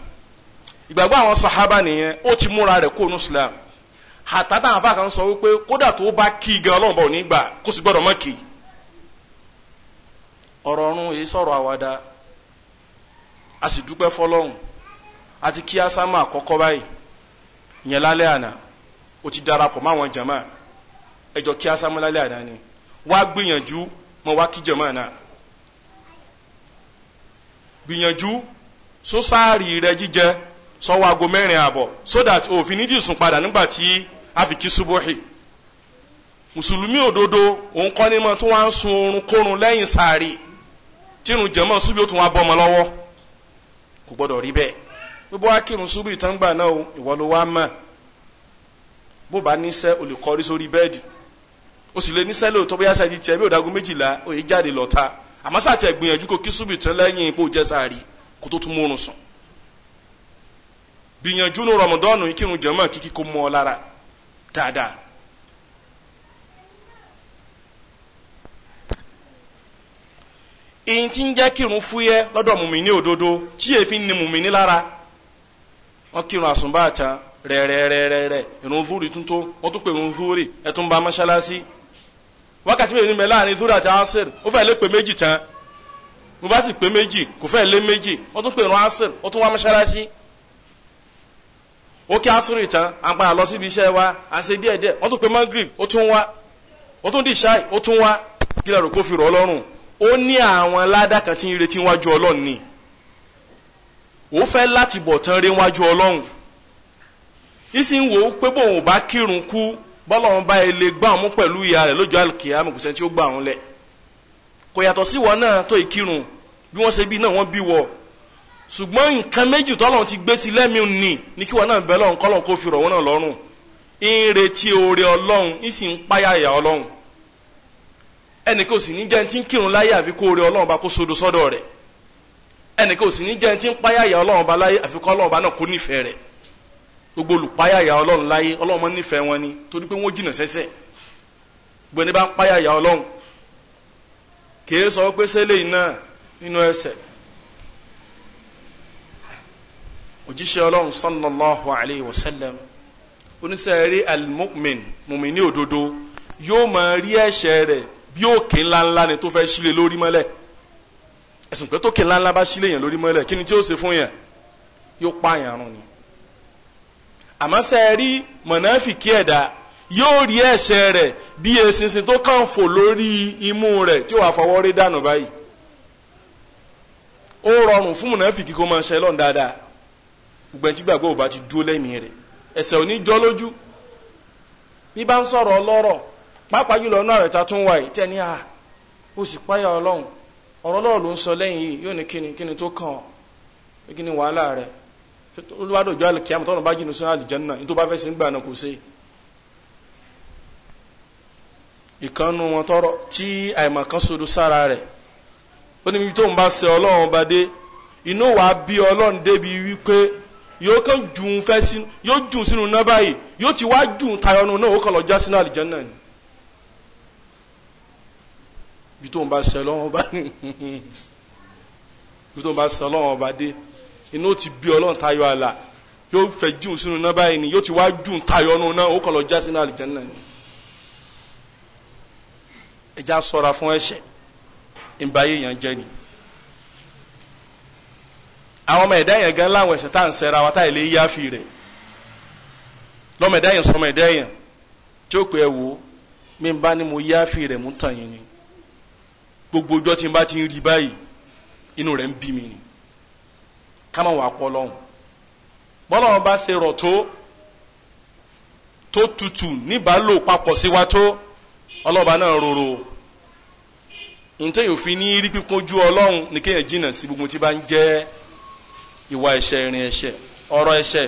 [SPEAKER 1] ìgbàgbọ́ àwọn sahaba nìyẹn ó ti múra rẹ̀ kúrò ní islam àtàtà àfa kan sọ wípé kódà tó bá kí gan ọlọ́run bá ò ní gbà kó sì gbọ́dọ̀ mọ́ kí ọ̀rọ̀ ọ̀run yìí sọ̀rọ̀ àwàdà a sì dúpẹ́ fọlọ́hún àti kí asámà àkọ́kọ́ báyìí ìyẹn lálẹ́ àná ó ti darapọ̀ mọ́ àwọn ẹjọ́ kí asámà lálẹ́ àná ni wàá gbìyànjú mọ wá kí jàmá náà gbìyànjú sósáàrì rẹ jíjẹ sọwọ́ aago mẹ́rin àbọ̀ so that òfin níjì sùn padà nígbà tí a fi kí subuhi mùsùlùmí òdodo òun kọ́ ní ma tó wá ń sun oorun kórun lẹ́yìn sàárì tírun jẹ̀mọ́ súbí ó tún wá bọ́mọ lọ́wọ́ kò gbọ́dọ̀ rí bẹ́ẹ̀ gbogbo wa kírun súbí ìtàn gbà náà ìwọ ló wá mọ̀ bó bá níṣẹ́ olùkọ́rí sórí bẹ́ẹ̀dì o sì lè ní sẹ́lẹ̀ òtọ́ bóyá sẹ́ẹ̀dì tiẹ̀ bí òdagun méjìlá òye jáde lọ́ta àmọ́ sàtì ẹ̀gbìyànjú kò kí súbì tán lẹ́yìn ipò jẹ́ sáàrí kó tó tún múrun sùn gbìyànjú ní rọmọdọ́nù kírun jẹ́mọ́ kíkí kó mọ́ ọ lára dáadáa. èyí tí ń jẹ́ kírun fúyẹ́ lọ́dọ̀ mùmíní òdodo tí èéfín ni mùmíní lára wọ́n kírun àsùnbáàtà rẹ̀rẹ̀rẹ̀rẹ̀ irun zúrì tuntun wọ́n tún pè irun zúrì ẹ̀ tún ba mọ́ṣáláṣí wákàtí méjì níbẹ̀ láàrin zura àti asir ó fẹ́ lé pé méjì tán mo bá sì pé méjì kò fẹ́ lé méjì ó tún pè rún asir ó tún wá mọ́ṣáláṣí ó kí asir ìtàn à ń padà lọ síbi iṣẹ́ wa à ń ṣe díẹ̀díẹ̀ ó tún pè magrib ó tún wá ó tún di ṣáì ó tún wá kí lóò rò kó fi rọ̀ ọlọ́run ó ní àwọn ládàá kan tí ń retí wájú ọlọ́run ni ó fẹ́ láti bọ̀ tán rí wájú ọlọ́run ìsìn wò pé bóun ò bá kírun kú bọ́lọ́run bá ilé gbá òun pẹ̀lú ìyá rẹ̀ lójú àlùkìyàmù kò sẹ́ni tí ó gbà òun lẹ̀ kò yàtọ̀ sí ìwọ náà tó ìkírun bí wọ́n ṣe bí náà wọ́n bí wọ ṣùgbọ́n nǹkan méjì tọ́lọ́run ti gbé sí lẹ́mìí ni ní kí wọn náà bẹ lọ́run kọ́lọ́run kó fi rọ̀ wọn náà lọ́rùn ń retí oore ọlọ́run ń sì ń páyà ìyá ọlọ́run ẹnì kò sì ní jẹ́ ti ń kírun láyé àfi kó oore ọlọ́run bá kó sodo sọ́dọ̀ rẹ̀ ẹnì kò sì ní jẹ́ ti ń páyà ìyá ọlọ́run bá láyé àfi kó ọlọ́run bá náà kó nífẹ̀ẹ́ rẹ̀ gbogbo olùpáyà ìyá ọlọ́run láyé ọlọ́run máa ń nífẹ̀ẹ́ wọn ni torí pé wọ́n jìnnà sẹ́sẹ̀ gbogbo ẹni bá ń páyà ìyá ọlọ́run kìí sọ pé sẹ́lẹ̀ iná nínú ẹsẹ̀ òjíṣẹ́ ọlọ́run sallallahu alayhi wa sallam oníṣẹ́rí al-mu'min mùmíní òdodo yóò máa rí ẹ̀ṣẹ̀ rẹ̀ bí òkè ńláńlá ni tó fẹ́ sílẹ̀ lórí mọ́lẹ̀ ẹ̀sùn pé tó kè ńláńlá bá sílẹ̀ yẹn lórí mọ́lẹ̀ kí ni tí ó ṣe fún yẹn yóò pààyàn rún ni àmọ́ sẹ́ ẹ rí mọ̀nàfìkì ẹ̀dá yóò rí ẹ̀ṣẹ̀ rẹ̀ bí eṣinṣin tó kàn fò lórí imú rẹ̀ tí ó wà fọwọ́ rí dànù báyìí ó rọrùn fún mọ̀nàfìkì kó máa ṣe lọ́n dáadáa gbẹ̀ntì gbàgbọ́ ò bá ti dúró lẹ́mìí rẹ̀ ẹ̀ṣẹ̀ ò ní jọ́ lójú bí bá ń sọ̀rọ̀ ọlọ́rọ̀ pàápàá jùlọ náà rẹ̀ ta tún wáyé tẹ́ni à ó sì páyà ọlọ́run ọ̀rọ̀ ọlọ́run ló ń sọ lẹ́yìn yìí yóò ní kíni kíni tó kàn ọ́ kíni wàhálà rẹ̀ olùwádò jọ àlùkí àmọ́ tọ́nà bá jìnnà sínú àlùjànnà ní tó bá fẹ́ sí gbà náà kò sí. ìkànnù wọn tọrọ tí àìmọ̀ kan sodo sára rẹ̀ ó ní ibi tó ń bá ṣe ọlọ́run ọba dé inú wàá bí ọlọ́run débi wípé yóò kàn jùn fẹ́ sínú yóò jùn sínú náà báyìí yóò ti wá jùn tayọnu náà ó kàn lọ já sínú àlùjànnà ni ibi tó ń bá ṣe ọlọ́run bá dé. iná ti bí ọlọ́run tayọ àlà yóò fẹ́ jùn sínú náà báyìí ni yóò ti wá jùn tayọ nù náà ó kàn já sínú àlìjẹ́nà ni. ẹja ṣọ́ra fún ẹ̀ṣẹ̀ ìbáyé yẹn jẹ́ ni. àwọn ọmọ ẹ̀dá yẹn gan láwọn ẹ̀ṣẹ̀ tá à ń sẹ́ra wa tá à lè yáfi rẹ̀ lọ́mọ ẹ̀dá yẹn sọmọ ẹ̀dá yẹn tí ó pè é wò ó mi bá ní mo yáfi rẹ̀ mú tàn yín ni gbogbo ọjọ́ tí n bá ti ń rí báyìí inú rẹ̀ ń bí mi ni Kama wà pọ̀ lọ́hùn bọ́lọ́hùn bá ṣe rọ̀ tó tó tutù níbàálò papọ̀ sí wa tó ọlọ́ba náà roro ntẹ́ yóò fi ní rí pípọ́njú ọlọ́run ní kéèyàn jìnnà sí gbogbo tí bá ń jẹ́ ìwà ẹ̀ṣẹ̀ ìrìn ẹ̀ṣẹ̀ ọ̀rọ̀ ẹ̀ṣẹ̀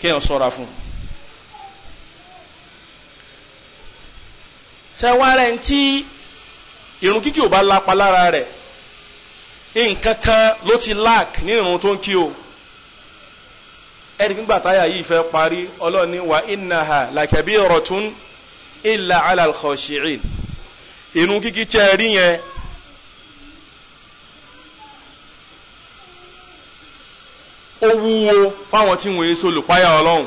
[SPEAKER 1] kéèyàn sọ́ra fún un. sẹ́wárẹ̀ ntí irun kíkì ò bá lápa lára rẹ̀ nǹkan kan ló ti lack ní irun tó ń kí o ẹni gbígbà táyà yìí fẹ́ parí ọlọ́ọ̀ni wà innaha lakabiratun illa ala al-khashi'in irun kíkí tẹ́ rí yẹn ó wúwo fáwọn tí wọ́n èso olùpáyà ọlọ́run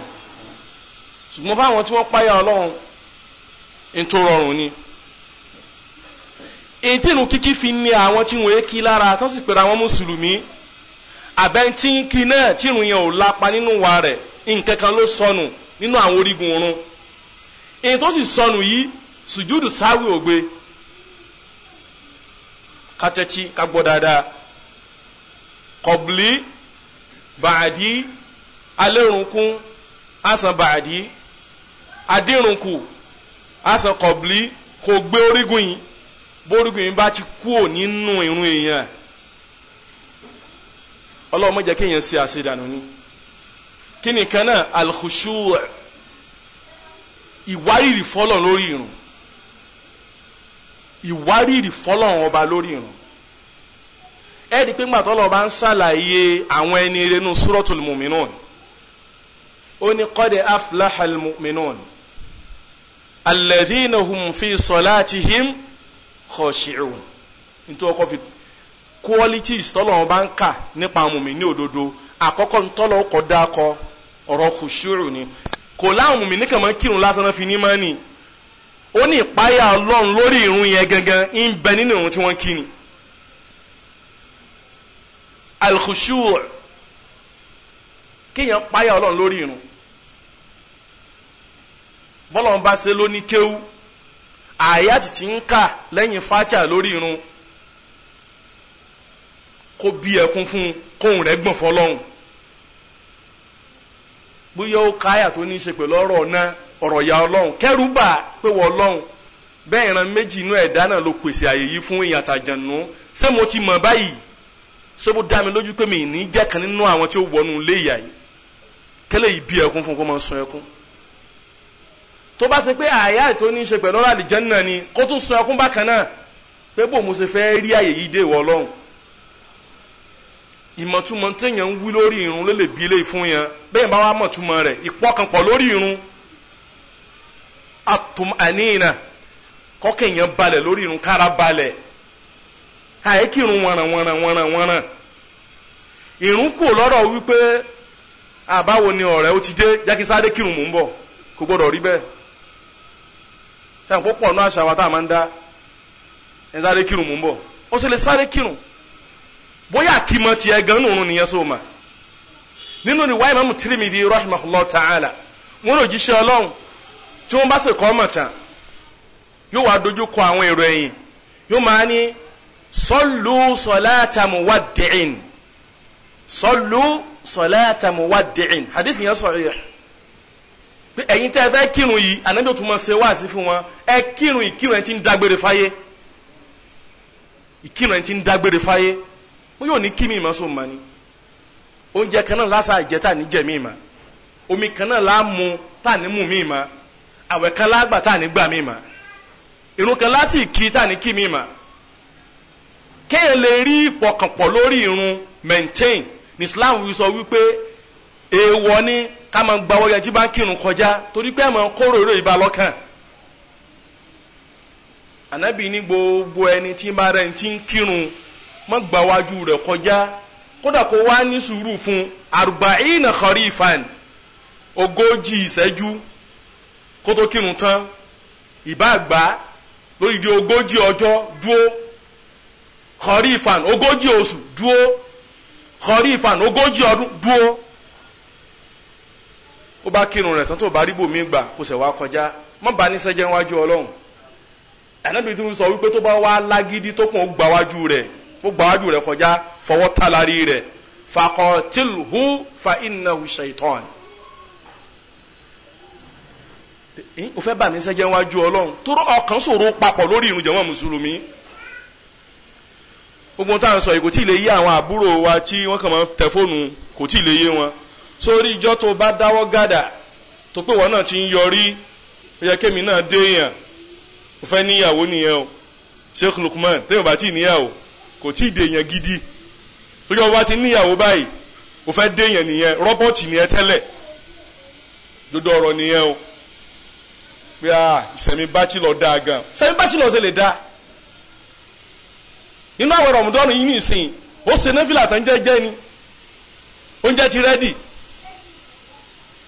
[SPEAKER 1] ṣùgbọ́n fáwọn tí wọ́n páyà ọlọ́run ń tó rọrùn ni èyí tí irun kíkí fi ní àwọn tí wọn kí lára tó sì pèrè àwọn mùsùlùmí àbẹ́ntínkì náà tí irun yẹn ò lápa nínú wa rẹ̀ nǹkan kan ló sọnù nínú àwọn orígun oorun èyí tó sì sọnù yìí sùjúdù sáwì ògbé kátẹ́tí ká dáadáa kọ̀bùlì bàdí alẹ́rùnkún àsàn bàdí adírùnkù àsàn kọ̀bùlì kò gbé orígun yìí bórígun yìí bá ti kúò nínú irun èèyàn ọlọ́run má jẹ́ kéèyàn ṣe àṣedànù ni kí nìkan náà alkhushu ìwárìrì fọlọ́n lórí irun ìwárìrì fọlọ́n ọba lórí irun ẹ di pé gbàtọ́ ń ṣàlàyé àwọn ẹni irenu suratul mu'minun ó ní qad aflahal mu'minun alladhina hum fi salatihim khashi'un nítorí ọkọ fi qualities tọ́lọ́wọ́n bá ń kà nípa mùmínì òdodo àkọ́kọ́ ntọ́lọ́ kọ́ dákọ́ ọ̀rọ̀ khushu'u ni kò láwọn mùmínì kàn máa kírun lásán fi ní máa nì ó ní ìpáyà ọlọ́run lórí ìrun yẹn gangan ń bẹ nínú ìrun tí wọ́n kí ni al-khushu' kéèyàn páyà ọlọ́run lórí ìrun bọ́lọ́run bá ṣe ló ní kéwú àyàtì tí ń kà lẹ́yìn fatia lórí irun kó bí ẹkún fún kóhùn rẹ̀ gbọ̀n fọlọ́hún bóyá ó káyà tó ní í ṣe pẹ̀lú ọ̀rọ̀ náà ọ̀rọ̀ ya ọlọ́hún kẹ́rù bà pé wọ́n ọlọ́hún bẹ́ẹ̀ ìran méjì inú ẹ̀dá náà ló pèsè àyè yìí fún èèyàn àtàjànú ṣé mo ti mọ̀ báyìí ṣé mo dá mi lójú pé mi ní jẹ́ kan nínú àwọn tí ó wọnú ilé yìí kẹ́lẹ́ yìí bí ẹkún fún kó máa sun ẹkún. tó bá se pé àyà ètò ní í ṣe pẹ̀lú ọ̀rọ̀ ni kó tún so ẹkún bákan náà pé bò mo ṣe fẹ́ rí àyè yìí dé ìwọ ọlọ́run ìmọ̀túmọ̀ téèyàn ń wí lórí irun ló lè bí ilé fún yẹn bẹ́ẹ̀ bá wà mọ̀túmọ̀ rẹ̀ irun atum àníyàn kọ́kẹ́yìn balẹ̀ lórí irun kára balẹ̀ wọ̀nràn wọ̀nràn wọ̀nràn wọ̀nràn irun kù lọ́rọ̀ wípé àbáwo ni ọ̀rẹ́ ó ti dé kírun ń bọ̀ kò gbọ́dọ̀ rí táwọn púpọ̀ nù àṣà wa tá a máa ń dá ẹ sáré kírun mú bọ̀ ó sì lè sáré kírun bóyá àkìmọ̀ tiẹ̀ gan nù nìyẹn sọ ma nínú ni wáyé mamu Tirmidhi rahimahullah ta'ala wọn ò jíṣẹ́ ọlọ́run tí wọ́n bá sì kọ́ ọmọ tán yóò wá dojú kọ àwọn èrò ẹ̀yìn yóò máa ní sallu salata muwaddi'in sallu salata muwaddi'in hadith yẹn sahih ẹ̀yin tẹ́ ẹ fẹ́ kírun yìí ànábì òtún máa ṣe wáàsí fún wọn ẹ kírun ìkírun ẹ ti ń dágbére fáyé ìkírun ẹ ti ń dágbére fáyé mo yóò ní kí mi ìmọ̀ sóun ma ni oúnjẹ kan náà lásà ìjẹta níjẹ mi ìmọ̀ omi kan náà láàmú tá à ní mú mi ìmọ̀ àwẹ̀ kan lágbà tá à ní gbà mi ìmọ̀ irun kan lásì kí tá à ní kí mi ìmọ̀ kéèyàn lè rí ìpọkànpọ̀ lórí irun maintain Islam sọ wípé èèwọ̀ ni. ká máa gbawọ́ yẹn tí bá ń kírun kọjá torí pé àmọ́ kóró èrò ìbá lọ́kàn ànábì ní gbogbo ẹni tí bá rẹ̀ ti ń kírun má gbawájú rẹ̀ kọjá kódà kó wá ní sùúrù fún arba'ina kharifan ogójì ìṣẹ́jú kó tó kírun tán ìbá àgbá lórí di ogójì ọjọ́ dúó kharifan ogójì oṣù dúó kharifan ogójì ọdún dúó ó bá kírun rẹ̀ tán tó bá rí bòmí gbà kó sẹ̀ wá kọjá má ba ní sẹ́jẹ́ wájú ọlọ́run ànábì tí mo sọ wípé tó bá wá lágídí tó kàn ó gbà wájú rẹ̀ ó gbà wájú rẹ̀ kọjá fọwọ́ tá lárí rẹ̀ faqatilhu fa innahu shaitan o fẹ́ bà mí sẹ́jẹ́ wájú ọlọ́run tóró ọkàn ṣòro papọ̀ lórí ìrun jẹ̀wọ́n mùsùlùmí gbogbo táwọn sọ yìí kò tí ì lè yé àwọn àbúrò wa tí wọ́n kàn máa tẹ fóònù kò tí ì lè yé wọn sórí ìjọ tó bá dáwọ́ gàdà tó pé wọn náà ti ń yọrí ó yẹ kémi náà déèyàn ó fẹ́ níyàwó nìyẹn o Sheikh Lukman téèyàn bá ti níyàwó kò tí ì déèyàn gidi tó jọ bá ti níyàwó báyìí ó fẹ́ déèyàn nìyẹn rọ́bọ̀tì nìyẹn tẹ́lẹ̀ dodo ọ̀rọ̀ nìyẹn o pé a ah, ìsẹ̀mí báchìlọ̀ dáa gan ìsẹ̀mí báchìlọ̀ ṣe lè dáa nínú àwọn ọ̀rọ̀ ọ̀mùdọ́nù yìí nìsín ó ṣe nẹ́fìlà tán jẹ́jẹ́ ni oúnjẹ ti rẹ́dì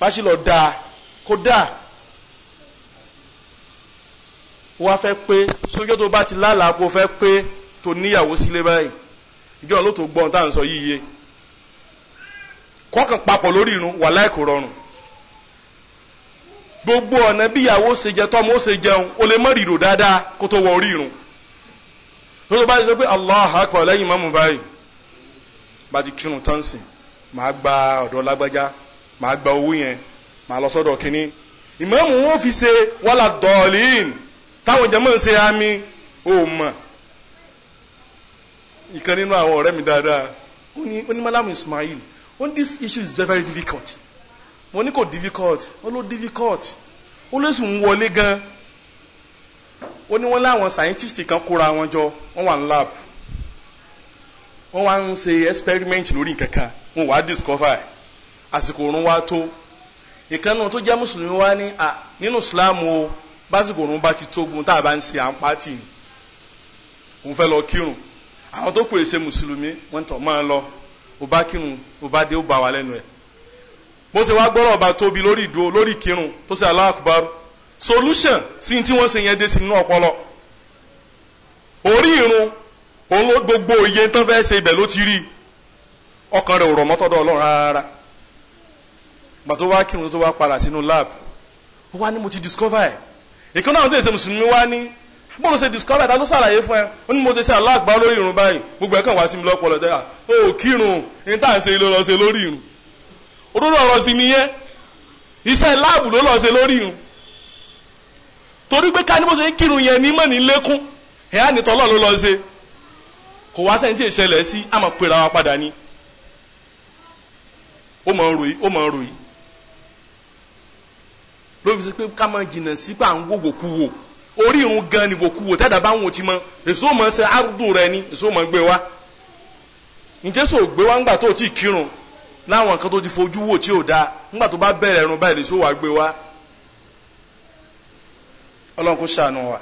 [SPEAKER 1] báṣì lọ dáa kó dáa wá fẹ́ pé sójú tó bá ti lálàá kó fẹ́ pé tó níyàwó sílé báyìí ìjọ ló tó gbọ́n tá à ń sọ yíyẹ kọ́kàn papọ̀ lórí irun wà láìkò rọrùn gbogbo ọ̀nà bí ìyàwó ṣe jẹ tọ́mọ ó ṣe jẹun ó lè mọ́ rírò dáadáa kó tó wọ orí irun tó tó bá ti sọ pé allah akọ lẹ́yìn mọ́mú báyìí bá ti kírun tán sìn màá gba ọ̀dọ́ lágbájá màá gba owó yẹn màá lọ sọ́dọ̀ kínní ìmáàmù wọn fi ṣe wàhálà dọ̀ọ̀lìn táwọn jẹ́mọ̀ ń ṣe àmì ó mọ̀ ìkan nínú àwọn ọ̀rẹ́ mi dáadáa ó ní ó ní malamu Ismail ó ní this issue is very difficult mo ní kò difficult ó ló difficult ó ló sùn wọlé gan ó ní wọn láwọn scientist kan kóra wọn jọ wọn wà ní lab wọn wá ń ṣe experiment lórí nǹkan kan wọn á discover ẹ̀ àsìkò òrùn wa tó ìkànnì tó jẹ́ mùsùlùmí wa ní à nínú islam o básìkò òrùn bá ti tó tá a bá ń ṣe à ń pàtì ni òun fẹ́ lọ kírun àwọn tó pèsè mùsùlùmí wọ́n tọ̀ máa lọ ó bá kírun ó bá dé ó bá wa lẹ́nu ẹ̀ bó ṣe wá gbọ́rọ̀ ọba tóbi lórí ìdúró lórí kírun tó ṣe Allahu solution sí tí wọ́n ṣe yẹn dé sí inú ọpọlọ orí irun òun ló gbogbo òye tán fẹ́ ṣe ibẹ̀ ló ti rí ọkàn rẹ̀ ò rọ̀ mọ́tọ́dọ̀ ọlọ́run rárá gbàtó wá kírun tó wá padà sínú lab ó wá ní mo ti discover ẹ̀ ìkan náà tó ṣe mùsùlùmí wá ní bó ló ṣe discover ẹ̀ ta ló ṣàlàyé fún ẹ ó ní mo ṣe ṣe aláàgbá lórí irun báyìí gbogbo ẹ̀ kàn wá sí mi lọ́pọ̀lọ́ dẹ́ra ó kírun ní tá à ń ṣe ló lọ ṣe lórí irun òdodo ọ̀rọ̀ sí nìyẹn iṣẹ́ láàbù ló lọ ṣe lórí irun torí pé ká ní bó ṣe kírun yẹn ní mọ̀ ní lékún ẹ̀ á nìtọ́ lọ́ọ̀ ló lọ ṣe kò wá sẹ́ni tí ìṣẹ̀lẹ̀ sí àmọ̀ pera wa padà ni ó mọ̀ ń ròyìn ó mọ̀ ń ròyìn ló fi sọ jìnnà sí pé à ń wo wòkúwò orí òun gan ni wòkúwò tẹ́lẹ̀ bá ń wò tí èso mọ́ ṣe àrùdù rẹ ni èso mọ́ gbé wá ǹjẹ́ sọ gbé wá ńgbà tó ti kírun láwọn nǹkan tó ti fojú wò tí ò ńgbà tó bá bẹ̀rẹ̀ ẹ̀rùn báyìí èso gbé ọlọ́run kò ṣàánú wa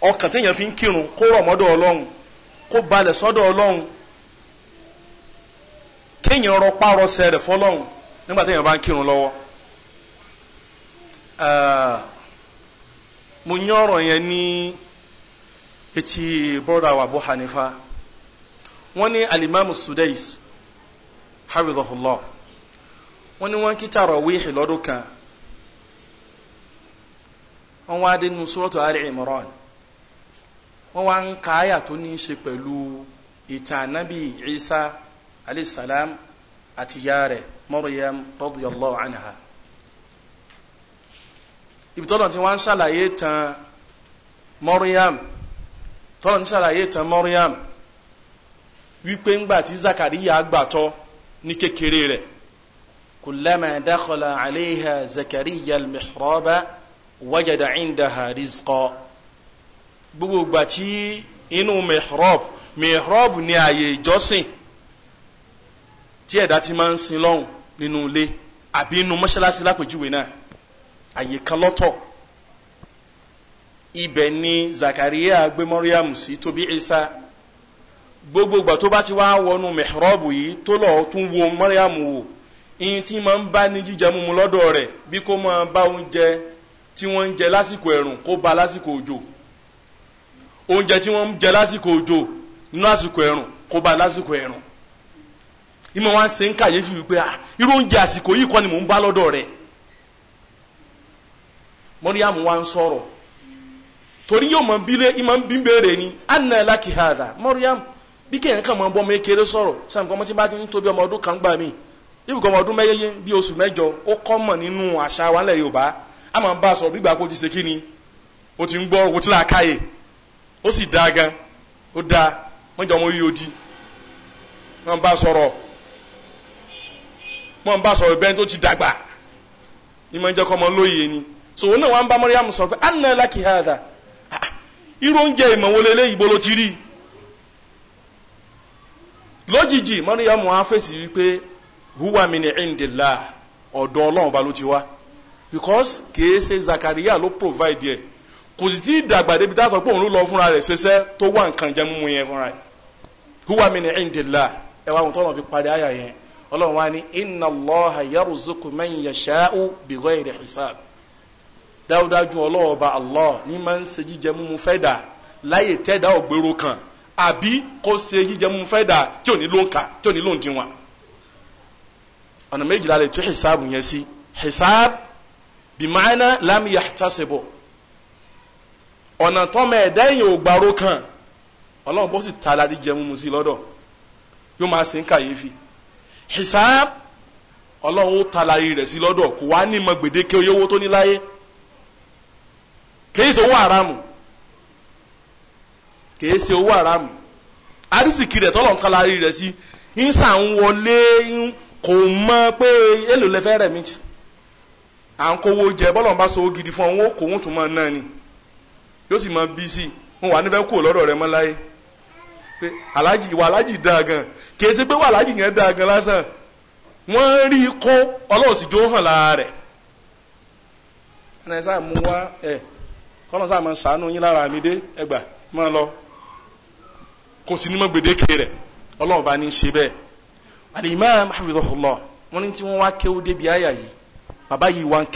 [SPEAKER 1] kọ́kàn lórí fi ń kírun kó rọ̀ mọ́dọ̀ ọlọ́run kó kéèyàn rọ párọ sẹrẹ fọ́lọ́run nígbà téèyàn bá ń kírun lọ́wọ́ mo yán ọ̀rọ̀ yẹn ní etí bọdà wa Abu Hanifa wọ́n ní alimami Sudais hafizahullah wọ́n ní wọ́n kí tarawih lọ́dún kan wọ́n wá dé nu suratu Ali Imran wọ́n wá ń ka àyà tó ní í ṣe pẹ̀lú ìtàn Nabi Isa alayhi salam àti ìyá rẹ̀ Maryam radiyallahu anha ibi tọ́lọ̀ tí wọ́n ń ṣàlàyé tán Maryam tọ́lọ̀ ń ṣàlàyé tán Maryam wípé ńgbà tí Zakariya gbàtọ́ ní kékeré rẹ̀ kullama dakhala alayha Zakariya al wajada indaha rizqa gbogbo ìgbà inú mihrab mihrab ni ààyè ìjọsìn tí ẹ̀dá ti máa ń sin lọ́hùn nínú ilé àbí inú mọ́ṣáláṣí lápèjúwe náà àyè kan lọ́tọ̀ ibẹ̀ ni Zakariya gbé Mariam sí tóbi Isa gbogbogbà tó bá ti wá wọnú mihrabu yìí tó lọ́ọ́ tún wo Mariam wò iyin tí máa ń bá ní jíjẹ mímu lọ́dọ̀ rẹ̀ bí kò máa bá oúnjẹ tí wọ́n ń jẹ lásìkò ẹ̀rùn kó ba lásìkò òjò oúnjẹ tí wọ́n ń jẹ lásìkò òjò nínú àsìkò ẹ̀rùn kó ba lásìkò ẹ̀rùn ìmọ̀ wá ń ṣe ń kàyéfì wípé ah irú oúnjẹ àsìkò yìí kọ́ ni mò ń bá lọ́dọ̀ rẹ̀ mọ́ríyàmù wá ń sọ̀rọ̀ torí yóò mọ̀ bílé ìmọ̀ ń bí béèrè ni anna laki hadha mọ́ríyàmù bí kéèyàn kàn mọ́ bọ́mọ kékeré sọ̀rọ̀ sàmì kọ́mọ́ tí bá ti ń tóbi ọmọ ọdún kan gbà mí ibi kọ́ ọmọ ọdún mẹ́yẹ́yẹ́ bí oṣù mẹ́jọ ó kọ́ mọ̀ nínú àṣà wa nílẹ̀ Yorùbá mọ̀ n bá sọ̀rọ̀ bẹ́ẹ̀ tó ti dàgbà ni mo ń jẹ́ kọ́ ọmọ lóye ni so òun náà wà ń bá mọ́ríyàmù sọ̀rọ̀ pé anna laki hada ah, ah, irú oúnjẹ ìmọ̀wọlé eléyìí bolo ti rí lójijì mọ́ríyàmù á fèsì wípé huwa min indillah ọ̀dọ̀ ọlọ́run ba ló ti wá because kìí ṣe Zakaria ló provide yẹ kò sì tí ì dàgbà débi tá a sọ pé òun ló lọ fúnra rẹ̀ ṣiṣẹ́ tó wà nǹkan jẹ mímu yẹn fúnra rẹ̀ huwa min indillah ẹ wá àwọn tó lọ fi parí àyà yẹn ọlọ́run wa ni inna allaha yarzuqu man yasha'u bighayri hisab dáwúdájú ọlọ́ọ̀ba allah ní máa ń ṣe jíjẹ mímu fẹ́ dà láyè tẹ́dá ògbérò kan àbí kó ṣe jíjẹ mímu fẹ́ dà tí ò ní ló ń kà tí ò ní ló ń dín wa ọ̀nà méjìlá lè tún hisab yẹn sí hisab bimaana lam yahtasibu ọ̀nà tọ́mọ ẹ̀dá èèyàn ò gbàrú kan ọlọ́run bó sì ta aládìjẹ mímu sí lọ́dọ̀ yóò máa ṣe ń kàyéfì hisab ọlọ́run ó talaye rẹ̀ sí lọ́dọ̀ kò wá ní mọ gbèdéke oyè owó tó ní láyé kìí ṣe owó haramu kìí ṣe owó haramu arísìkì rẹ̀ tọ́lọ̀ ń talaye rẹ̀ sí ń sà ń wọlé kò mọ pé èlò lẹ́fẹ́ rẹ̀ méjì à ń kówó jẹ bọ́lọ̀ ń bá so gidi fún ọ wọn kò ń tún mọ náà ni yóò sì mọ bí sí wọn wà nífẹ̀ẹ́ kú lọ́dọ̀ rẹ̀ mọ́ láyé. pé wà aláàjì dáa gan kì í pé wà aláàjì yẹn dáa gan lásán rí kó ọlọ́run sì hàn lára rẹ̀ sáà mú wá ẹ kọ́nà sáà máa sànú lára mi ẹgbà máa lọ kò sí ní mọ́ gbèdéke ọlọ́run bá ní ṣe bẹ́ẹ̀ wọn ní tí wọ́n wá kéwú débi àyà yìí bàbá yìí wá ń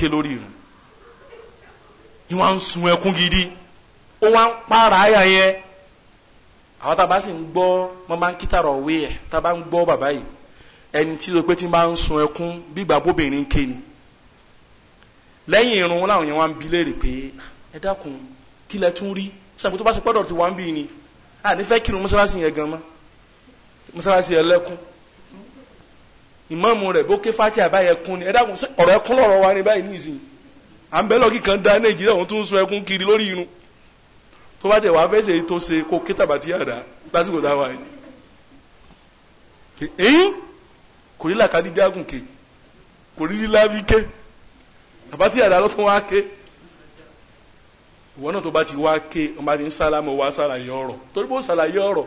[SPEAKER 1] gidi ó wá ń pààrà àwọn tá a bá sì ń gbọ́ wọn máa ń kítàrọ̀ wé ẹ̀ tá a bá ń gbọ́ bàbá yìí ẹni tí ló pé tí máa ń sun ẹkún bí ìgbà bóbìnrin ké ni lẹ́yìn irun láwọn yẹn wá ń bi léèrè pé ẹ dákun kí lẹ tún rí sàbò tó bá ṣe pọ́dọ̀ tí wọ́n ń bì ni à nífẹ̀ẹ́ kírun mọ́sálásí yẹn gan mọ́ mọ́sálásí yẹn lẹ́kún ìmáàmù rẹ̀ bó ké fati àbáyẹ kún ni ẹ dákun ọ̀rọ̀ ẹkún lọ́rọ̀ wa ni báyìí nísìnyí à ń tó bá tẹ̀ wá fẹsẹ̀ tó ṣe kó kí tàbátì àdá lásìkò táwa yìí èyí kò rí làkàdí jágùn ké kò rí lílábí ké tàbátì àdá ló tún wá ké ìwọ náà tó bá ti wá ké wọn bá ti ń sálámù wá sàlàyé ọ̀rọ̀ torí bó sàlàyé ọ̀rọ̀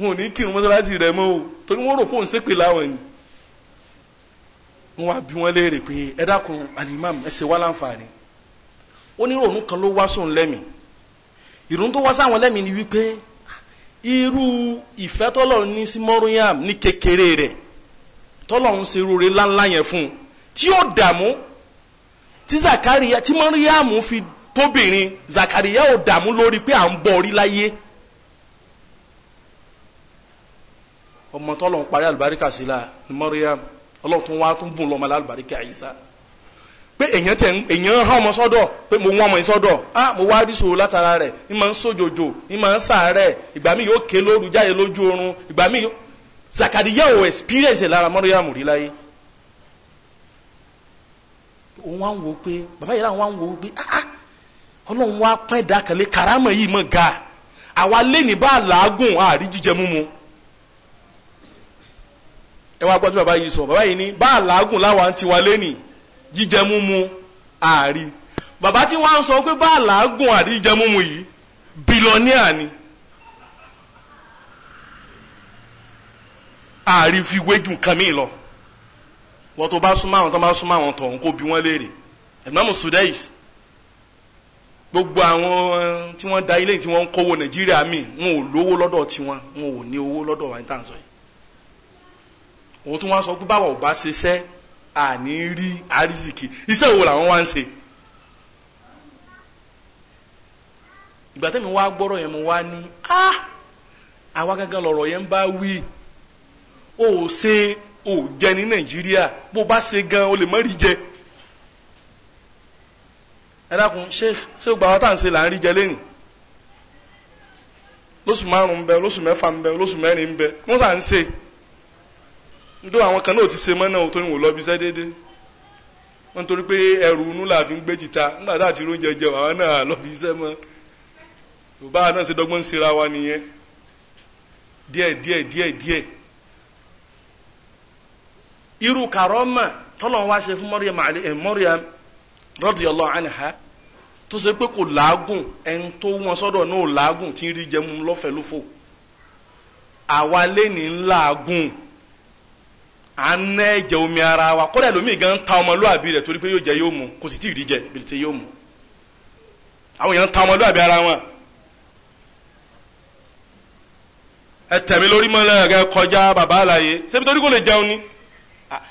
[SPEAKER 1] wọn ò ní kírun mọ́sálásí rẹ mọ́ o torí wọn rò pé òun ṣépè láwọn ni wọn wá bí wọn léèrè pé ẹ dákun alimami ẹ ṣe láǹfààní ó ní kan ló wá sóun lẹ́mìí ìrún tó wá sáwọn lẹ́mìí ni wípé irú ìfẹ́ tọ́lọ̀ ní sí mọ́ríyàm ní kékeré rẹ̀ tọ́lọ̀ ń ṣe rore láńlá yẹn fún un tí ó dààmú tí Zakariya tí mọ́ríyàm fi tóbìnrin Zakariya ò dààmú lórí pé à ń bọ̀ orí láyé. ọmọ tọ́lọ̀ ń parí àlùbáríkà sí la mọ́ríyàm ọlọ́run tún wá tún bùn lọ́mọ alálùbáríkà Ìsá. pé èèyàn tẹ̀ ń hàn ọmọ pé mo ọmọ yìí sọ́dọ̀ á mo wá rí sòrò látara rẹ ń máa ń sojojo ń máa ń ìgbà yóò ké lóru jáde lójú oorun ìgbà experience lára láyé òun wá ń wo pé bàbá yìí láwọn wá wo pé ah, ah, ọlọ́run wá pẹ́ karama yìí mọ̀ ga àwa bá làágùn àrí jíjẹ múmu ààrí bàbá tí wọ́n á sọ pé bá làágùn àrí jíjẹ múmu yìí bílíọ̀nìà ni ààrí fi wéjú nǹkan mi lọ wọ́n tó bá súnmọ́ àwọn tó bá súnmọ́ àwọn tọ̀hún kó bí wọ́n léèrè ẹ̀mọ́mù sudais gbogbo àwọn tí wọ́n da ilé tí wọ́n ń kówó nàìjíríà mi wọn ò lówó lọ́dọ̀ tiwọn wọn ò ní owó lọ́dọ̀ wa ní tàǹsọ̀ yìí òun tún wá sọ pé báwa ò bá ṣe sẹ́ẹ́ àní rí àrísìkì iṣẹ́ wo làwọn wá ń ṣe. ìgbà tẹ́mi wá gbọ́rọ̀ yẹn mo wá ní á ah! àwa gángan lọ̀rọ̀ yẹn ń bá wí o ò ṣe o ò jẹ ní nàìjíríà bó bá ṣe gan o lè má rí jẹ ẹ dákun ṣé ṣé gbà wọn tá à ń ṣe là ń rí jẹ lẹ́nìí lóṣù márùn-ún ń bẹ lóṣù mẹ́fà ń bẹ lóṣù mẹ́rin ń bẹ wọ́n sà ń ṣe nítorí àwọn kan náà ti ṣe mọ́ o tó ní wò lọ́ọ́ bí sẹ́ déédéé wọ́n torí pé ẹrù inú là fi ń gbé jìta nígbà tá àti oúnjẹ jẹ àwọn náà lọ́ọ́ bí sẹ́ mọ́ bàbá náà ṣe dọ́gbọ́n síra wa nìyẹn díẹ̀ díẹ̀ díẹ̀ díẹ̀ irú kàrọ́mà tọ́lọ́ wa ṣe fún Maryam eh, Maryam radiyallahu anha tó ṣe pé kò làágùn ẹni tó wọn sọ́dọ̀ náà làágùn tí ń rí jẹun lọ́fẹ̀ẹ́ lófò àwa lé ńláàgùn à ń ná ẹ̀jẹ̀ omi ara wa kódà lómi gan ta ọmọlúwàbí rẹ̀ torí pé yóò jẹ yóò mu kò sì tí ì rí jẹ bìrìtì yóò mu àwọn èèyàn ń ta ọmọlúwàbí ara wọn. ẹ tẹ̀mí lórí mọ́lẹ́ ẹ̀kẹ́ kọjá bàbá àlàyé ṣébi torí kò lè jẹun ni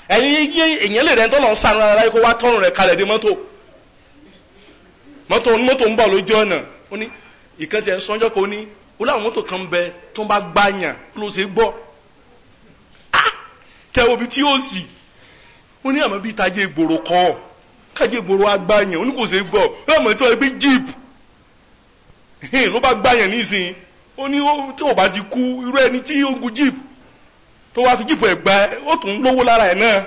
[SPEAKER 1] ẹ̀yin yé èèyàn lè rẹ̀ ń tọ́lọ̀ ń ara yẹ kó wá tọ́rùn rẹ̀ kalẹ̀ dé mọ́tò mọ́tò mọ́tò ń bọ̀ lójú ọ̀nà ó ní ìkànnì ẹ̀ ń sọ́njọ́ kó ní ó kẹwò bí tí ó sì ó ní àmọ́ bíi tajé gbòòrò kọ́ kájé gbòòrò agbáyàn oníkòsè gbọ́ yóò mọ̀ tí wọ́n gbé jíìpù ló bá gbáyàn nísìnyí ó ní tí ò bá ti kú irú ẹni tí ó gun jíìpù tó wá fi jíìpù ẹ̀ gbá ó tún lówó lára ẹ̀ náà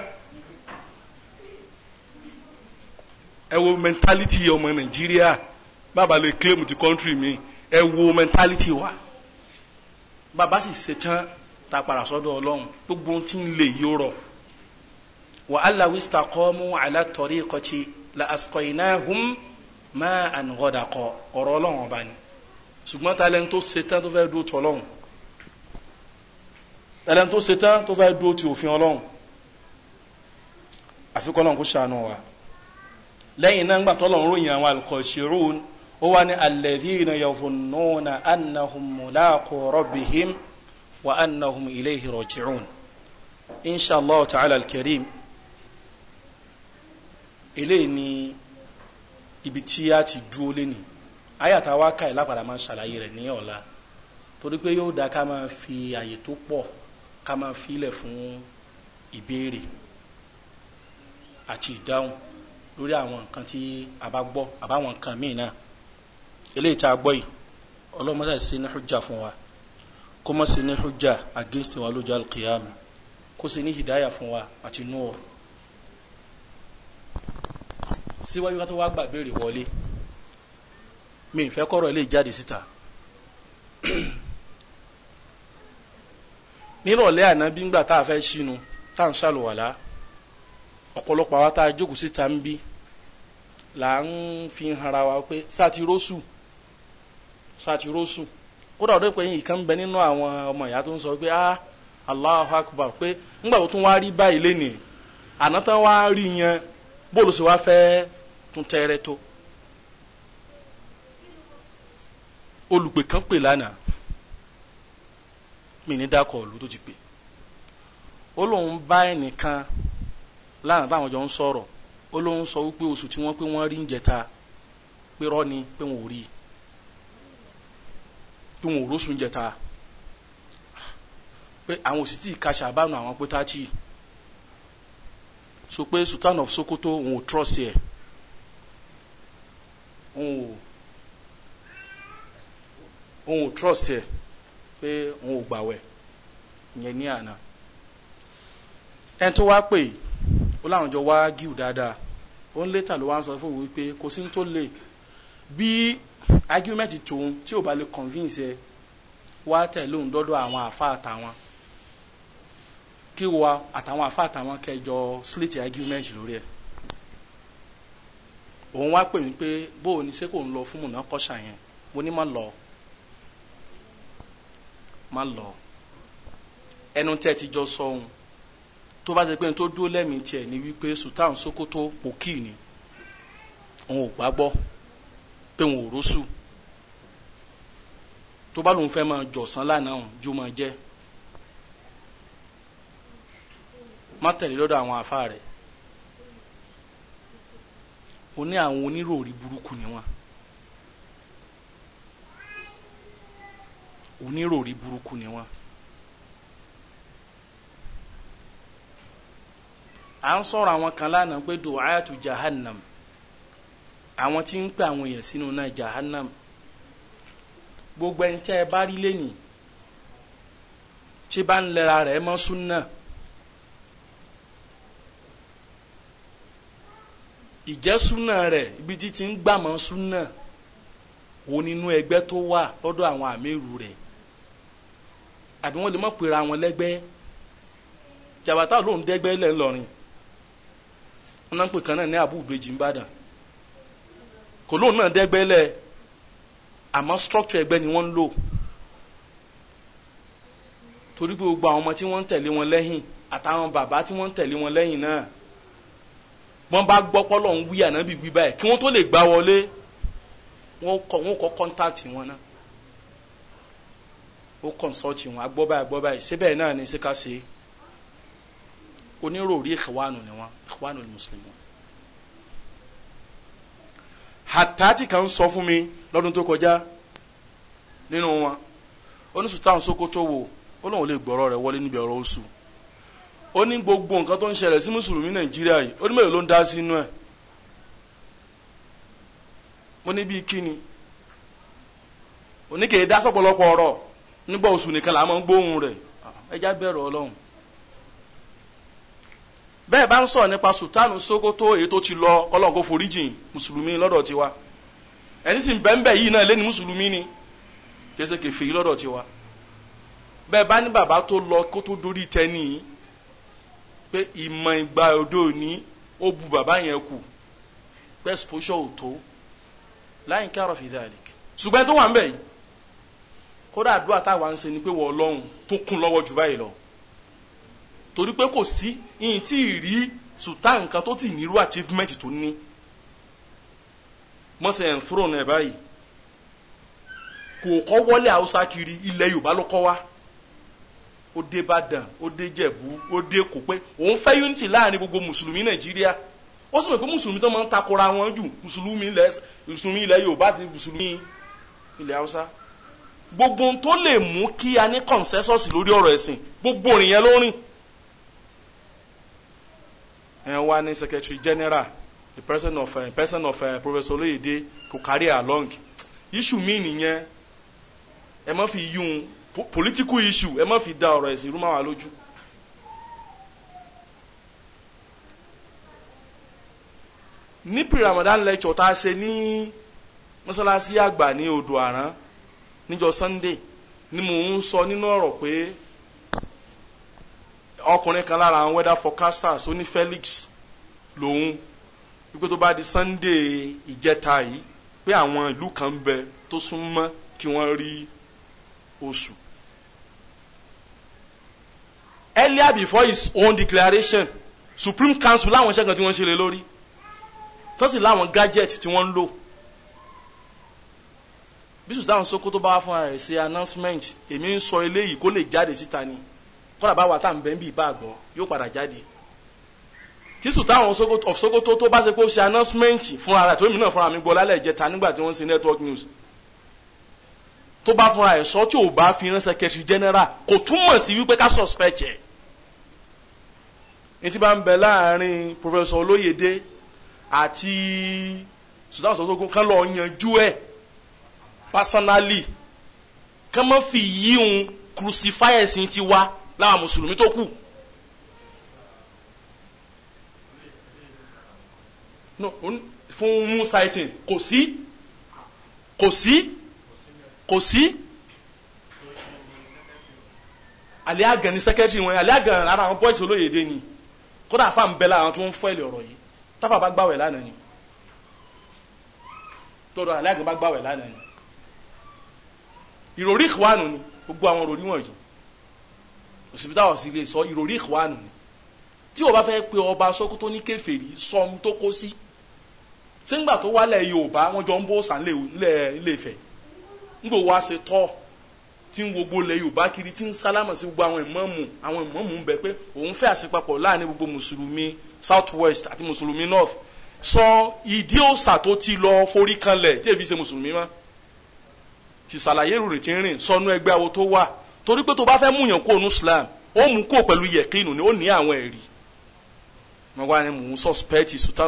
[SPEAKER 1] ẹ wo mentality ọmọ nàìjíríà bàbá lè claim the country mi ẹ wo mentality wa bàbá sì ṣe tán tá a padà sọ́dọ̀ ọlọ́run gbogbo ohun tí ń lè yóò rọ̀ wa alawi stakọ́mù alatọ́rí kọ́tí la asukọ̀yìnà hum máa ànúgọ́dà kọ ọ̀rọ̀ ọlọ́run ọba ni ṣùgbọ́n ta lẹ́nu tó ṣetán tó fẹ́ dúró ti ta lẹ́nu tó ṣetán tó fẹ́ dúró ti òfin ọlọ́run àfikọ́ ọlọ́run kó wa lẹ́yìn náà ńgbà tọ́lọ́run ròyìn àwọn alukọ̀ṣirun ó wà ní alladhina yazunnuna annahum mulaqu rabbihim. وأنهم إليه راجعون إن شاء الله تعالى الكريم إليني ni ibi tí a ti dúró lé ní ayàtà wa ká ìlápadà máa ń ṣàlàyé rẹ̀ ní ọ̀la torí pé yóò dáa ká máa fi àyè tó pọ̀ ká máa filẹ̀ fún ìbéèrè àti ìdáhùn lórí àwọn nǹkan tí a bá gbọ́ àbáwọn nǹkan míì náà eléyìí tá a gbọ́ yìí ọlọ́mọdé sí ní hujja fún wa kó má ṣe ní hujja against wa lójú alqiyam kó ṣe ní hidaya fún wa àti nuur síwájú ká tó wá gbà béèrè wọlé mi ìfẹ́ kọ́rọ̀ ilé ìjáde síta nírọ̀lẹ́ àná bí ngbà tá a fẹ́ sínú tá n ṣàlùwàlá ọ̀pọ̀lọpọ̀ àwa tá a jókòó síta ń bí là ń fi hara wa pé sáà ti rósù sáà ti rósù. kódà ọdọ pé ìkan ń bẹ nínú àwọn ọmọ ìyá tó ń sọ pé ah Allahu Akbar pé ńgbà tó tún wá rí báyìí lénìí àná tán wá rí yẹn bóòlù sì wá fẹ́ tún tẹ́rẹ́ tó olùpè kan pè lánàá mi ní dákọ̀ ọ̀lú tó ti pè ó sọ wípé oṣù tí wọ́n pé wọ́n rí ń jẹta pé rọ́ pé wọn ò rósùn jẹta pé àwọn òsì tí ì ka ṣàbánu àwọn pé táàtì so pé Sultan of Sokoto òun ò trust yẹ òun ò òun ò trust yẹ pé òun ò gbàwẹ̀ yẹn ní àná ẹni tó wá pè ó láwọn jọ wá gíw dáadáa ó ń létà ló wá ń sọ fún òun wípé kò sí ní tó lè bí argument tòun tí ò bá lè convince ẹ wá tẹ̀lé òun dọ́dọ̀ àwọn àfa àtàwọn kí wọ àtàwọn àfa àtàwọn kẹjọ slate argument lórí ẹ òun wá pè mí pé bóò ní sẹ́kò ń lọ fún mùnà kọ́ṣà yẹn mo ní má lọ má lọ ẹnu tẹ́ ti jọ sọ ohun tó bá ṣe pé n tó dúró lẹ́mìí tiẹ̀ ni wípé sultan sokoto pòkì ni òun ò gbàgbọ́. pé wọn ò tó bá lóun fẹ́ jọ̀sán lánàá jẹ́ má tẹ̀lé lọ́dọ̀ àwọn afá rẹ̀ ni wọn burúkú ni wọn. à ń sọ̀rọ̀ àwọn kan lánàá pé jahannam. àwọn tí ń pè àwọn èèyàn sínú náà jahannam gbogbo ẹni tẹ́ ẹ bá rí lẹ́nì tí bá ń lẹ́ra rẹ̀ mọ́ súnà ìjẹ́ súnà rẹ̀ ibi tí ti ń gbà mọ́ súnà wo nínú ẹgbẹ́ tó wà lọ́dọ̀ àwọn àmẹ́rù rẹ̀ àbí wọ́n lè mọ̀ pera wọn lẹ́gbẹ́ jàbátà lóun dẹ́gbẹ́ lẹ́ wọn náà ń pè kan náà ní abu ìbejì ń bàdàn. kò lóun náà dẹ́gbẹ́ lẹ̀ àmọ́ structure ẹgbẹ́ ni wọ́n ń lò torí pé gbogbo àwọn ọmọ tí wọ́n ń tẹ̀lé wọn lẹ́yìn àtàwọn bàbá tí wọ́n ń tẹ̀lé wọn lẹ́yìn náà wọ́n bá gbọ́ pọ́lọ́ ń wí ànábì wí báyìí kí wọ́n tó lè gbá wọlé wọ́n kọ́ wọ́n kọ́ kọ́ńtàtì wọn náà ó kọ́ńsọ́ọ̀tì wọn agbọ́ báyìí agbọ́ báyìí síbẹ̀ náà ni síkà sí onírúurú ìkẹwàánu ni wọn ìkẹwàánu ni mùsùlùmí hàtàtì kan sọ fún mi lọ́dún tó kọjá nínú wọn oníṣùtàn sokoto wo ó lóun lè gbọ́rọ̀ rẹ̀ wọlé níbi ọ̀rọ̀ oṣù ó ní gbogbo nǹkan tó ń ṣẹlẹ̀ sí mùsùlùmí nàìjíríà yìí ó ní mélòó ló ń dá sínú ẹ̀ mo ní bíi kíni oníkèé dá sọ̀pọ̀lọpọ̀ ọ̀rọ̀ nígbà oṣù nìkan làá máa ń gbóhùn rẹ̀ ẹja ọlọ́run bẹ́ẹ̀ bá ń sọ̀rọ̀ nípa sultan Sokoto èyí tó ti lọ kọ́lọ́n kó foríjìn mùsùlùmí lọ́dọ̀ tiwa ẹni sì ń bẹ́ẹ̀ yìí náà lẹ́ni mùsùlùmí ni kẹsẹ̀ kẹfìrí lọ́dọ̀ tiwa bẹ́ẹ̀ bá ní bàbá tó lọ kó tó dórí tẹ́ni pé ìmọ̀ ìgbà òde òní ó bu bàbá yẹn kù pé exposure ò tó láyìn kárọ̀ fi dhalik ṣùgbọ́n tó wà ń bẹ̀ yìí kódà àdúrà táwa ń ṣe ni pé wọ́n ọlọ́run torí pé kò sí yìí tí ì rí sùtá nǹkan tó ti nírú achievement tó ní mọ́sẹ̀ ẹ̀ ń throw náà báyìí kò kọ́ wọlé haúsá kiri ilẹ̀ yorùbá ló kọ́ wá ó dé Ìbàdàn ó dé Jẹ̀bú ó dé kò pé òun fẹ́ unity láàrin gbogbo mùsùlùmí nàìjíríà ó sì pé mùsùlùmí tó máa ń takora wọn jù mùsùlùmí ilẹ̀ mùsùlùmí ilẹ̀ yorùbá àti mùsùlùmí ilẹ̀ haúsá gbogbo ohun tó lè mú kí a ní consensus lórí ọ̀rọ̀ ẹ̀sìn gbogbo òrìyẹn ló rìn and secretary general the person of uh, person of uh, professor Olóyèdé kò carry along issue mean nìyẹn ẹ má fi yún political issue ẹ má fi da ọ̀rọ̀ ẹ̀sìn rúmọ́ wa lójú. ní pre-Ramadan lecture tá a ṣe ní mọ́sálásí àgbà ní odò àrán níjọ́ Sunday ni mò ń sọ nínú ọ̀rọ̀ pé ọkùnrin kan lára àwọn weather forecasters ó ní Felix lòun wípé tó bá di Sunday ìjẹta yìí pé àwọn ìlú kan ń bẹ tó sún mọ́ kí wọ́n rí oṣù. earlier before his own declaration Supreme Council láwọn iṣẹ́ kan tí wọ́n ṣe lé lórí tó sì láwọn gadget tí wọ́n ń lò bísù táwọn Sokoto bá wá fún ara rẹ̀ ṣe announcement èmi ń sọ eléyìí kó lè jáde síta ni kọ́ra bá wà tá à ń bẹ́ ń bí ìbá àgbọ̀ yóò padà jáde tísù táwọn of Sokoto tó bá ṣe pé ó ṣe announcement fúnra rẹ̀ tó èmi fúnra mi gbọ́ lálẹ́ ìjẹta nígbà tí wọ́n ń ṣe network news tó bá fúnra ẹ̀ sọ tí ò bá fi ránṣẹ́ secretary general kò túmọ̀ sí wípé ká suspect ẹ̀ ní bá ń bẹ láàrin professor Olóyèdé àti Susan Sokoto kan lọ yanjú ẹ̀ personally kán má fi yí òun crucify ẹ̀sìn tiwa láwọn mùsùlùmí tó kù. fún musa itin kò sí kò sí kò sí àlẹ́ àgàn ní sẹ́kẹ́tìrì wọn àlẹ́ àgàn ara àwọn bọ́ìsì olóyè èdè ni kódà fáwọn bẹ́ẹ̀ láwọn tó ń fọ́ ẹ̀lẹ́ ọ̀rọ̀ yìí tábà bá gbàwẹ̀ lánàá ni tọ́dọ̀ àlẹ́ àgàn bá gbàwẹ̀ lánàá ni ìròrí ìkùwánu ni gbogbo àwọn ìròrí wọ̀nyí òsibí táwọn sì lè sọ ìròrí ìkùwánu ni tí o bá fẹ́ pe ọba sọ́kótó ní kèfèrí sọ ohun tó kó sí síngbà tó wálẹ̀ yorùbá wọn jọ ń bó sàn lẹ́ẹ̀fẹ̀ ńgbò wá ṣe tọ́ tí ń gbogbo lẹ yorùbá kiri tí ń sálámà sí gbogbo àwọn ìmáàmù àwọn ìmáàmù ń bẹ pé òun fẹ́ àṣepapọ̀ láàrin gbogbo mùsùlùmí south west àti mùsùlùmí north sọ ìdí òòṣà tó ti lọ forí kanlẹ̀ tí èfi ṣe mùsùlùmí mọ́ ṣìṣàlàyé rò rè tí ń rìn sọnú ẹgbẹ́ awo tó wà torí pé tó bá fẹ́ mú yàn kó nu Islam ó mú pẹ̀lú ni ó ní àwọn ẹ̀rí wọ́n wá mò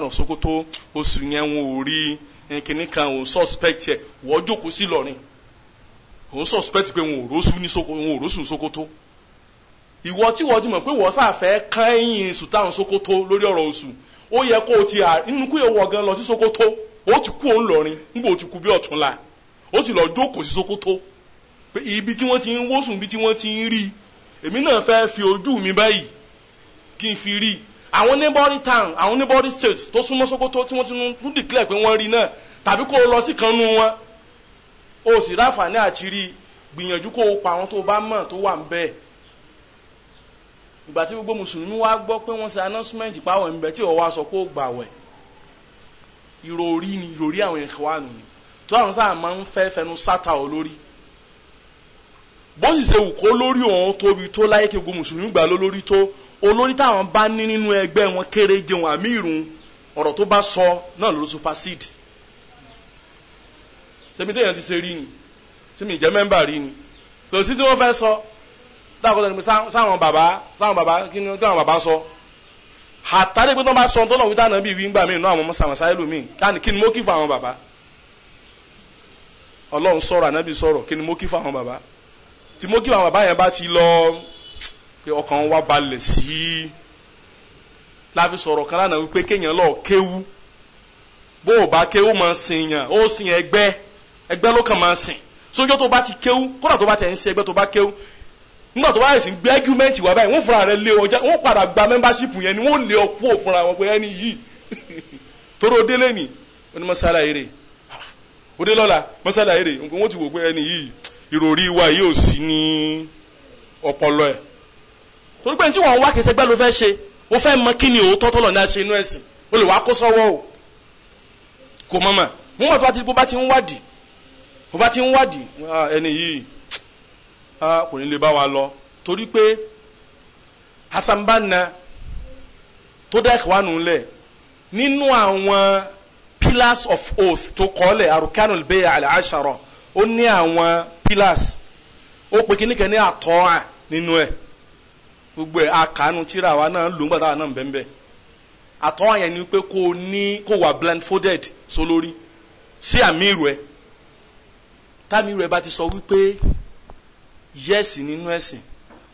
[SPEAKER 1] ń Sokoto oṣù yẹn wọn ò rí kìnnì kan òun suspect ẹ̀ wọ́n jókòó sí lọ́rin òun pé wọn ò rósù ní Sokoto ìwọ tí wọ́n ti mọ̀ pé wọ́n Sultan Sokoto lórí ọ̀rọ̀ oṣù ó yẹ kó o ti à inú yẹ gan lọ sí ó ti kú òun lọ́rin pé ibi tí wọ́n ti ń wọ́sùn ibi tí wọ́n ti ń rí èmi náà fẹ́ fi ojú mi báyìí kí n fi rí àwọn neighboring town àwọn neighboring states tó súnmọ́ Sókótó tí wọ́n ti ń declare pé wọ́n rí náà tàbí kó o lọ sí kanú wọn o sì ráǹfààní àti rí gbìyànjú kó o pa àwọn tó o bá mọ̀ tó wà ń bẹ́ẹ̀ ìgbà tí gbogbo mùsùlùmí wá gbọ́ pé wọ́n ṣe announcement ìpawọ̀ ń bẹ tí ò wá sọ pé ó gbàwẹ̀ ìròrí ni ìròrí àwọn ìkọ̀wánu ni tó àwọn sáà máa ń fẹ́ fẹnu sátà olórí bó sì ṣe wù kó lórí òun tóbi tó láyé kí gbogbo mùsùlùmí gbà ló tó olórí táwọn bá ní nínú ẹgbẹ́ wọn kéré jẹun àmì ìrùn ọ̀rọ̀ tó bá sọ náà ló supersede ṣebí téèyàn ti ṣe rí ni ṣebí ìjẹ́ mẹ́mbà rí ni kò sí tí wọ́n fẹ́ sọ dáàkọ́tà ni pé sáwọn bàbá sáwọn bàbá kí ni táwọn bàbá sọ àtàrí pé tó bá sọ tó náà wí dáná bíi wí ń gbà mí nínú àwọn mọ̀sàmọ̀sá ẹlòmíì kí ni mo kí fún àwọn bàbá ọlọ́run tí mo kí àwọn bàbá yẹn bá ti lọ pé ọkàn wa balẹ̀ sí i láfi sọ̀rọ̀ kan lánàá wípé kéèyàn lọ kéwú bó o bá kéwú máa sìn yàn ó sìn ẹgbẹ́ ẹgbẹ́ ló kàn máa sìn sójó tó bá ti kéwú kódà tó bá tẹ̀ ń ṣe ẹgbẹ́ tó bá kéwú nígbà tó bá yẹ sí gbé ẹgúmẹ́ǹtì wá báyìí wọ́n fúnra rẹ̀ lé ọjà wọ́n padà gba mẹ́mbáṣípù yẹn ni wọ́n lé ọkú òfúnra wọn pé ẹni yìí tóró délé ni onímọ̀sálà eré òdélọ́la ah, mọ̀sálà eré nǹkan wọ́n ti wò pé ẹni yìí ìròrí wa yìí ò sí ní ọpọlọ ẹ̀ torí pé ní tí wọ́n wá kẹsẹ̀ gbẹ́ ló fẹ́ ṣe ó fẹ́ mọ kí ni òótọ́ tọ́lọ̀ náà ṣe inú ẹ̀sìn ó lè wá kó sọ́wọ́ o kò mọ̀ mọ̀ mú wọn tó bá ti ń wádìí bó bá ti ń wádìí ẹni yìí kò ní lè bá wa lọ torí pé Hasan Banna tó dá Ikhwanu lẹ̀ nínú àwọn pillars of oath tó kọ́ lẹ̀ arukanul bay'a al-ashara ó ní àwọn pillars ó pe kíní kan ní àtọ́ à nínú ẹ̀ gbogbo ẹ̀ àkànú tíra wa náà ló ń gbàdá wa náà bẹ́ẹ̀ àtọ́ àyàn ni pé kò ní kò wà blindfolded sólórí sí àmì ìrù ẹ̀ táàmì ìrù bá ti sọ wípé yẹ́sì nínú ẹ̀sìn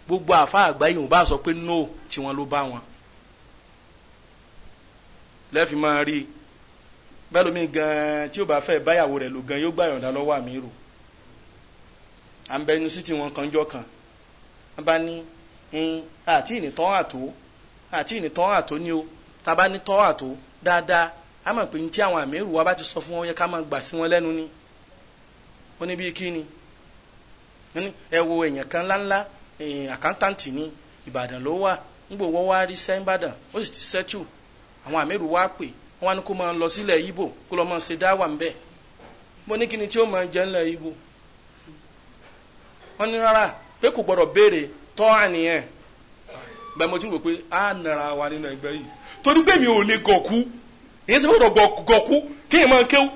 [SPEAKER 1] gbogbo àfa àgbáyé òun bá sọ pé no tiwọn ló bá wọn lẹ́ẹ̀fì máa rí bẹ́ẹ̀ lómi gan-an tí ó bá fẹ́ báyàwó rẹ̀ lò gan yóò gbà yọ̀ǹda lọ́wọ́ àmì ìrù à ń bẹnu sí tiwọn kan jọ kan wọn bá ní àti ìní tán àtó àti ìní tán àtó ni o tá bá ní tán àtó dáadáa a mọ̀ pé ní tí àwọn àmì èrò wa bá ti sọ fún wọn yẹ ká máa gbà sí wọn lẹ́nu ni ó ní bíi kí ni ẹ wo èèyàn kan ńláńlá àkántáǹtì ní ìbàdàn ló wà nígbò wọ́n wá rí sẹ́ńbàdàn ó sì ti sẹ́tù àwọn àmì èrò wa pè wọ́n wá ní kó máa lọ sílẹ̀ ibo kó lọ́ọ́ máa ṣe dáwà ńbẹ̀ mo ní kí ni tí ó máa jẹ́ ńlẹ̀ ibo wọ́n ní rárá pé kò gbọ́dọ̀ béèrè tọ́ àníyàn bẹ́ẹ̀ mo ti wò a nara wa nínú ẹgbẹ́ yìí torí pé mi ò lè gọ̀kú èyí sì gbọ́dọ̀ gọ̀kú kí n máa kéwú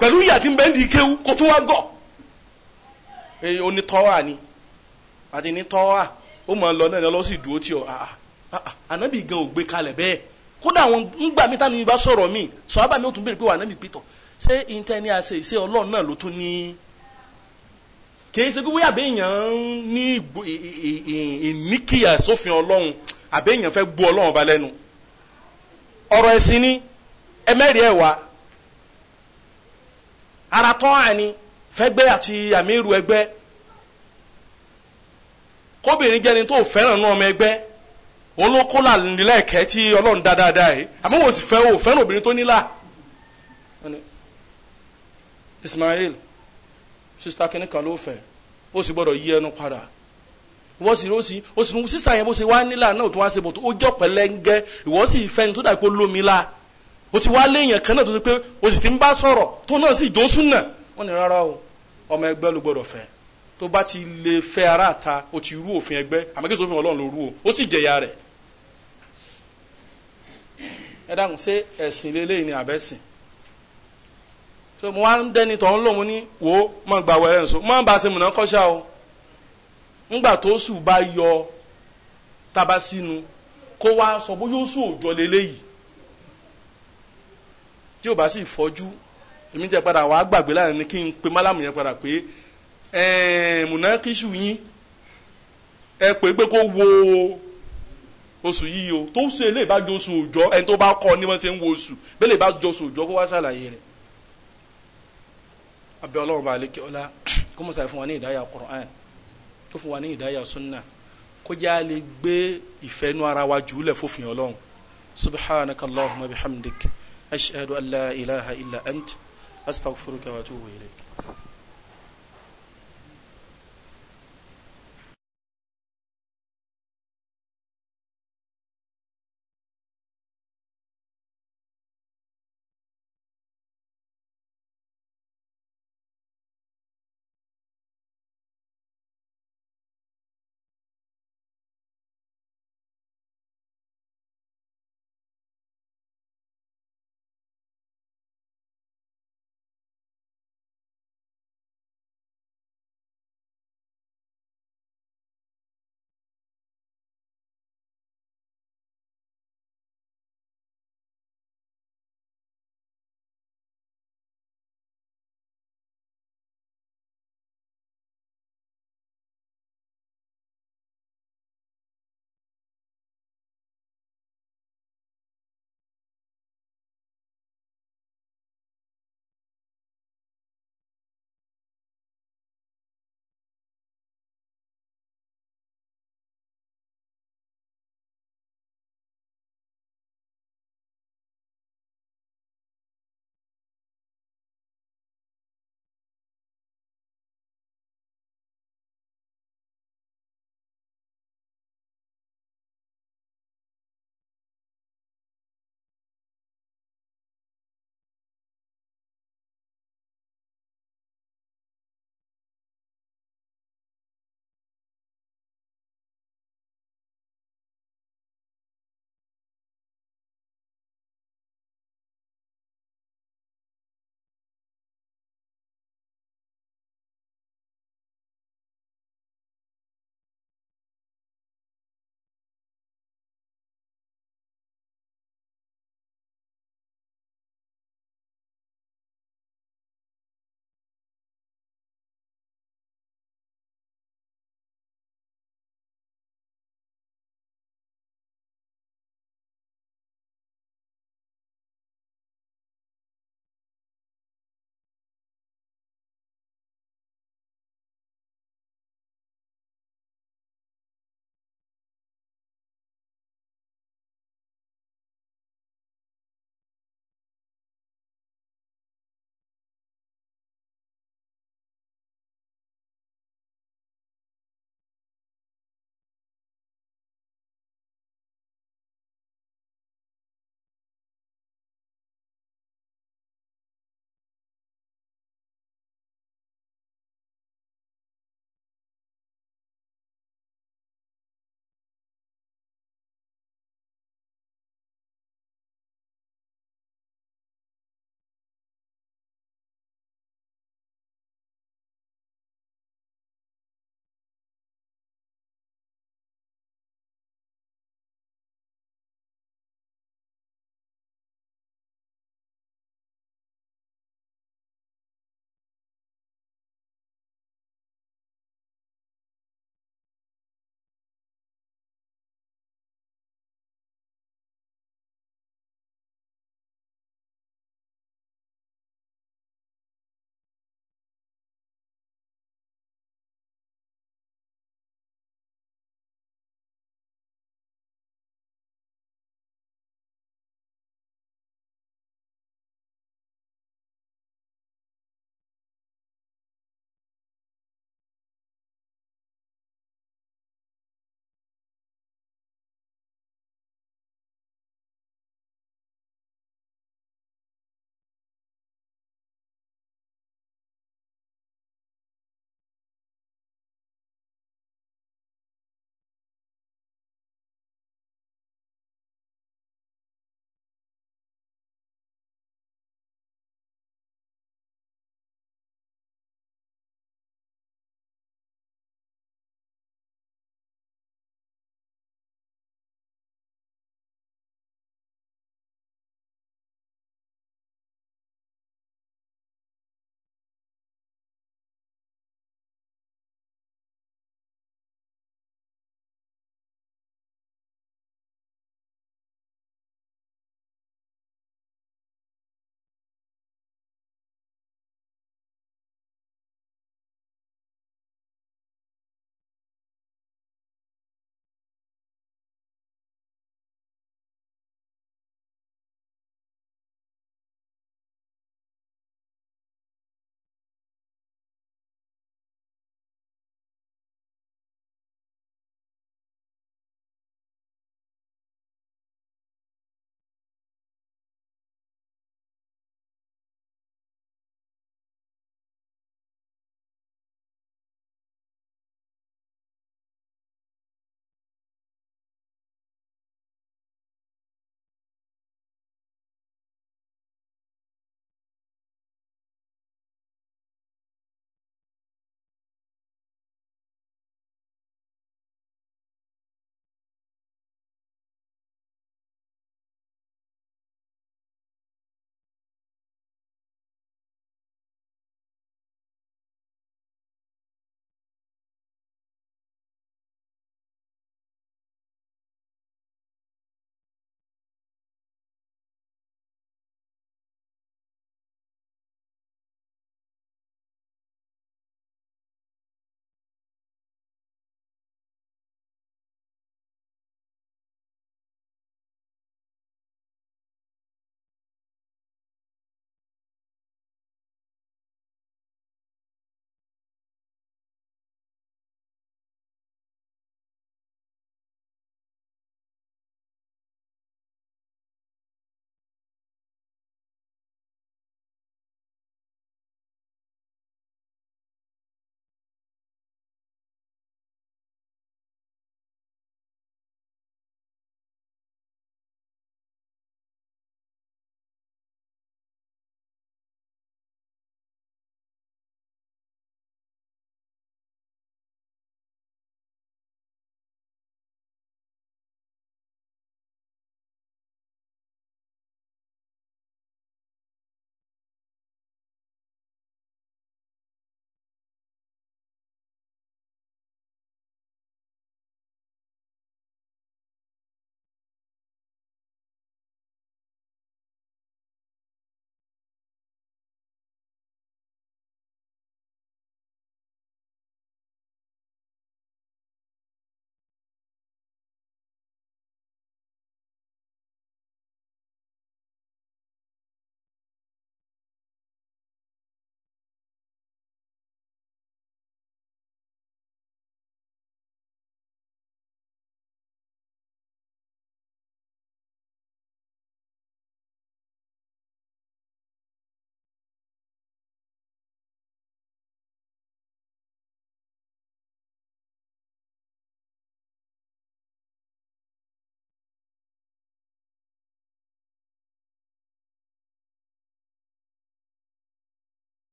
[SPEAKER 1] pẹ̀lú ìyá tí bẹ́ẹ̀ di kéwú kó tún wá gọ̀ èyí ní tọ́wà ni àti ní tọ́wà ó máa lọ náà lọ sí ìdúró tí ọ ànábì gan ò gbé kalẹ̀ bẹ́ẹ̀ kódà àwọn ńgbà mi tánu ibà mi sọ abàmì tún kìí ṣe gbogbo àbẹ̀yàn ní ìníkìyà sófin ọlọ́run àbẹ̀yàn fẹ́ gbọ́ ba lẹ́nu ọ̀rọ̀ ẹ̀sìn ni ẹmẹ́rìí ẹ̀ wá ara tán àní fẹ́gbẹ́ àti àmírù ẹgbẹ́ kóbìnrin jẹ́ni tó fẹ́ràn náà ọmọ ẹgbẹ́ òun ló kó làlílẹ̀ kẹ́ tí ọlọ́run dá dáadáa yìí àmọ́ wò sì fẹ́ o fẹ́ràn obìnrin tó nílà Ismail sista kìnnì kan ló fẹ́ ó sì gbọ́dọ̀ yí ẹnu padà wọ́n sì ó sì ó sì mú sista yẹn bó ṣe wá nílà náà tó wá ṣe bò tó ó jọ pẹ̀lẹ́ńgẹ́ ìwọ sì fẹ́ ni tó dà pé lómi la ó ti wá léèyàn kan náà tó ṣe pé ó sì ti ń bá sọ̀rọ̀ tó náà sì jó súnà wọ́n ní rárá o ọmọ ẹgbẹ́ ló gbọ́dọ̀ fẹ́ tó bá ti lè fẹ́ ara ta o ti rú òfin ẹgbẹ́ àmọ́kẹ́sọ̀ òfin ọlọ́run ló rú o ó sì jẹ̀yà rẹ̀ ẹ dáhùn ṣé ẹ̀sìn lélẹ́yìn ni àbẹ́sìn so mo wá ń dẹ́ni tọ̀hún lòun ní wò ó mọ̀ gbà wẹ̀rẹ̀ nso mọ̀ bá ṣe múná kọ́ṣà o ńgbà tó sù bá yọ taba sínú kó wá sọ bó yóò sùn òjò lélẹ́yìí tí o bá sì fọ́jú èmi jẹ́ padà wàá gbàgbé láàrin ni kí n pe málàmù yẹn padà pé múná kíṣù yín ẹ pé pé kó wo oṣù yìí o tó sùn eléyìí bá jọ oṣù òjò ẹni tó bá kọ́ ọ ní wọ́n ṣe ń wo oṣù bẹ́ẹ̀ lè bá jọ oṣù òjò kó wá ṣàlàyé rẹ̀ abẹ́ ọlọ́run bá lè kí ọlá kó mọ̀ sáyé fún wa ní ìdáyà Qur'an tó fún wa ní ìdáyà sunna kó já lè gbé ìfẹ́nu ara wa jù lẹ̀ fófin ọlọ́run subhanaka allahumma bihamdik ashhadu an ilaha illa ant astaghfiruka wa atubu ilayk.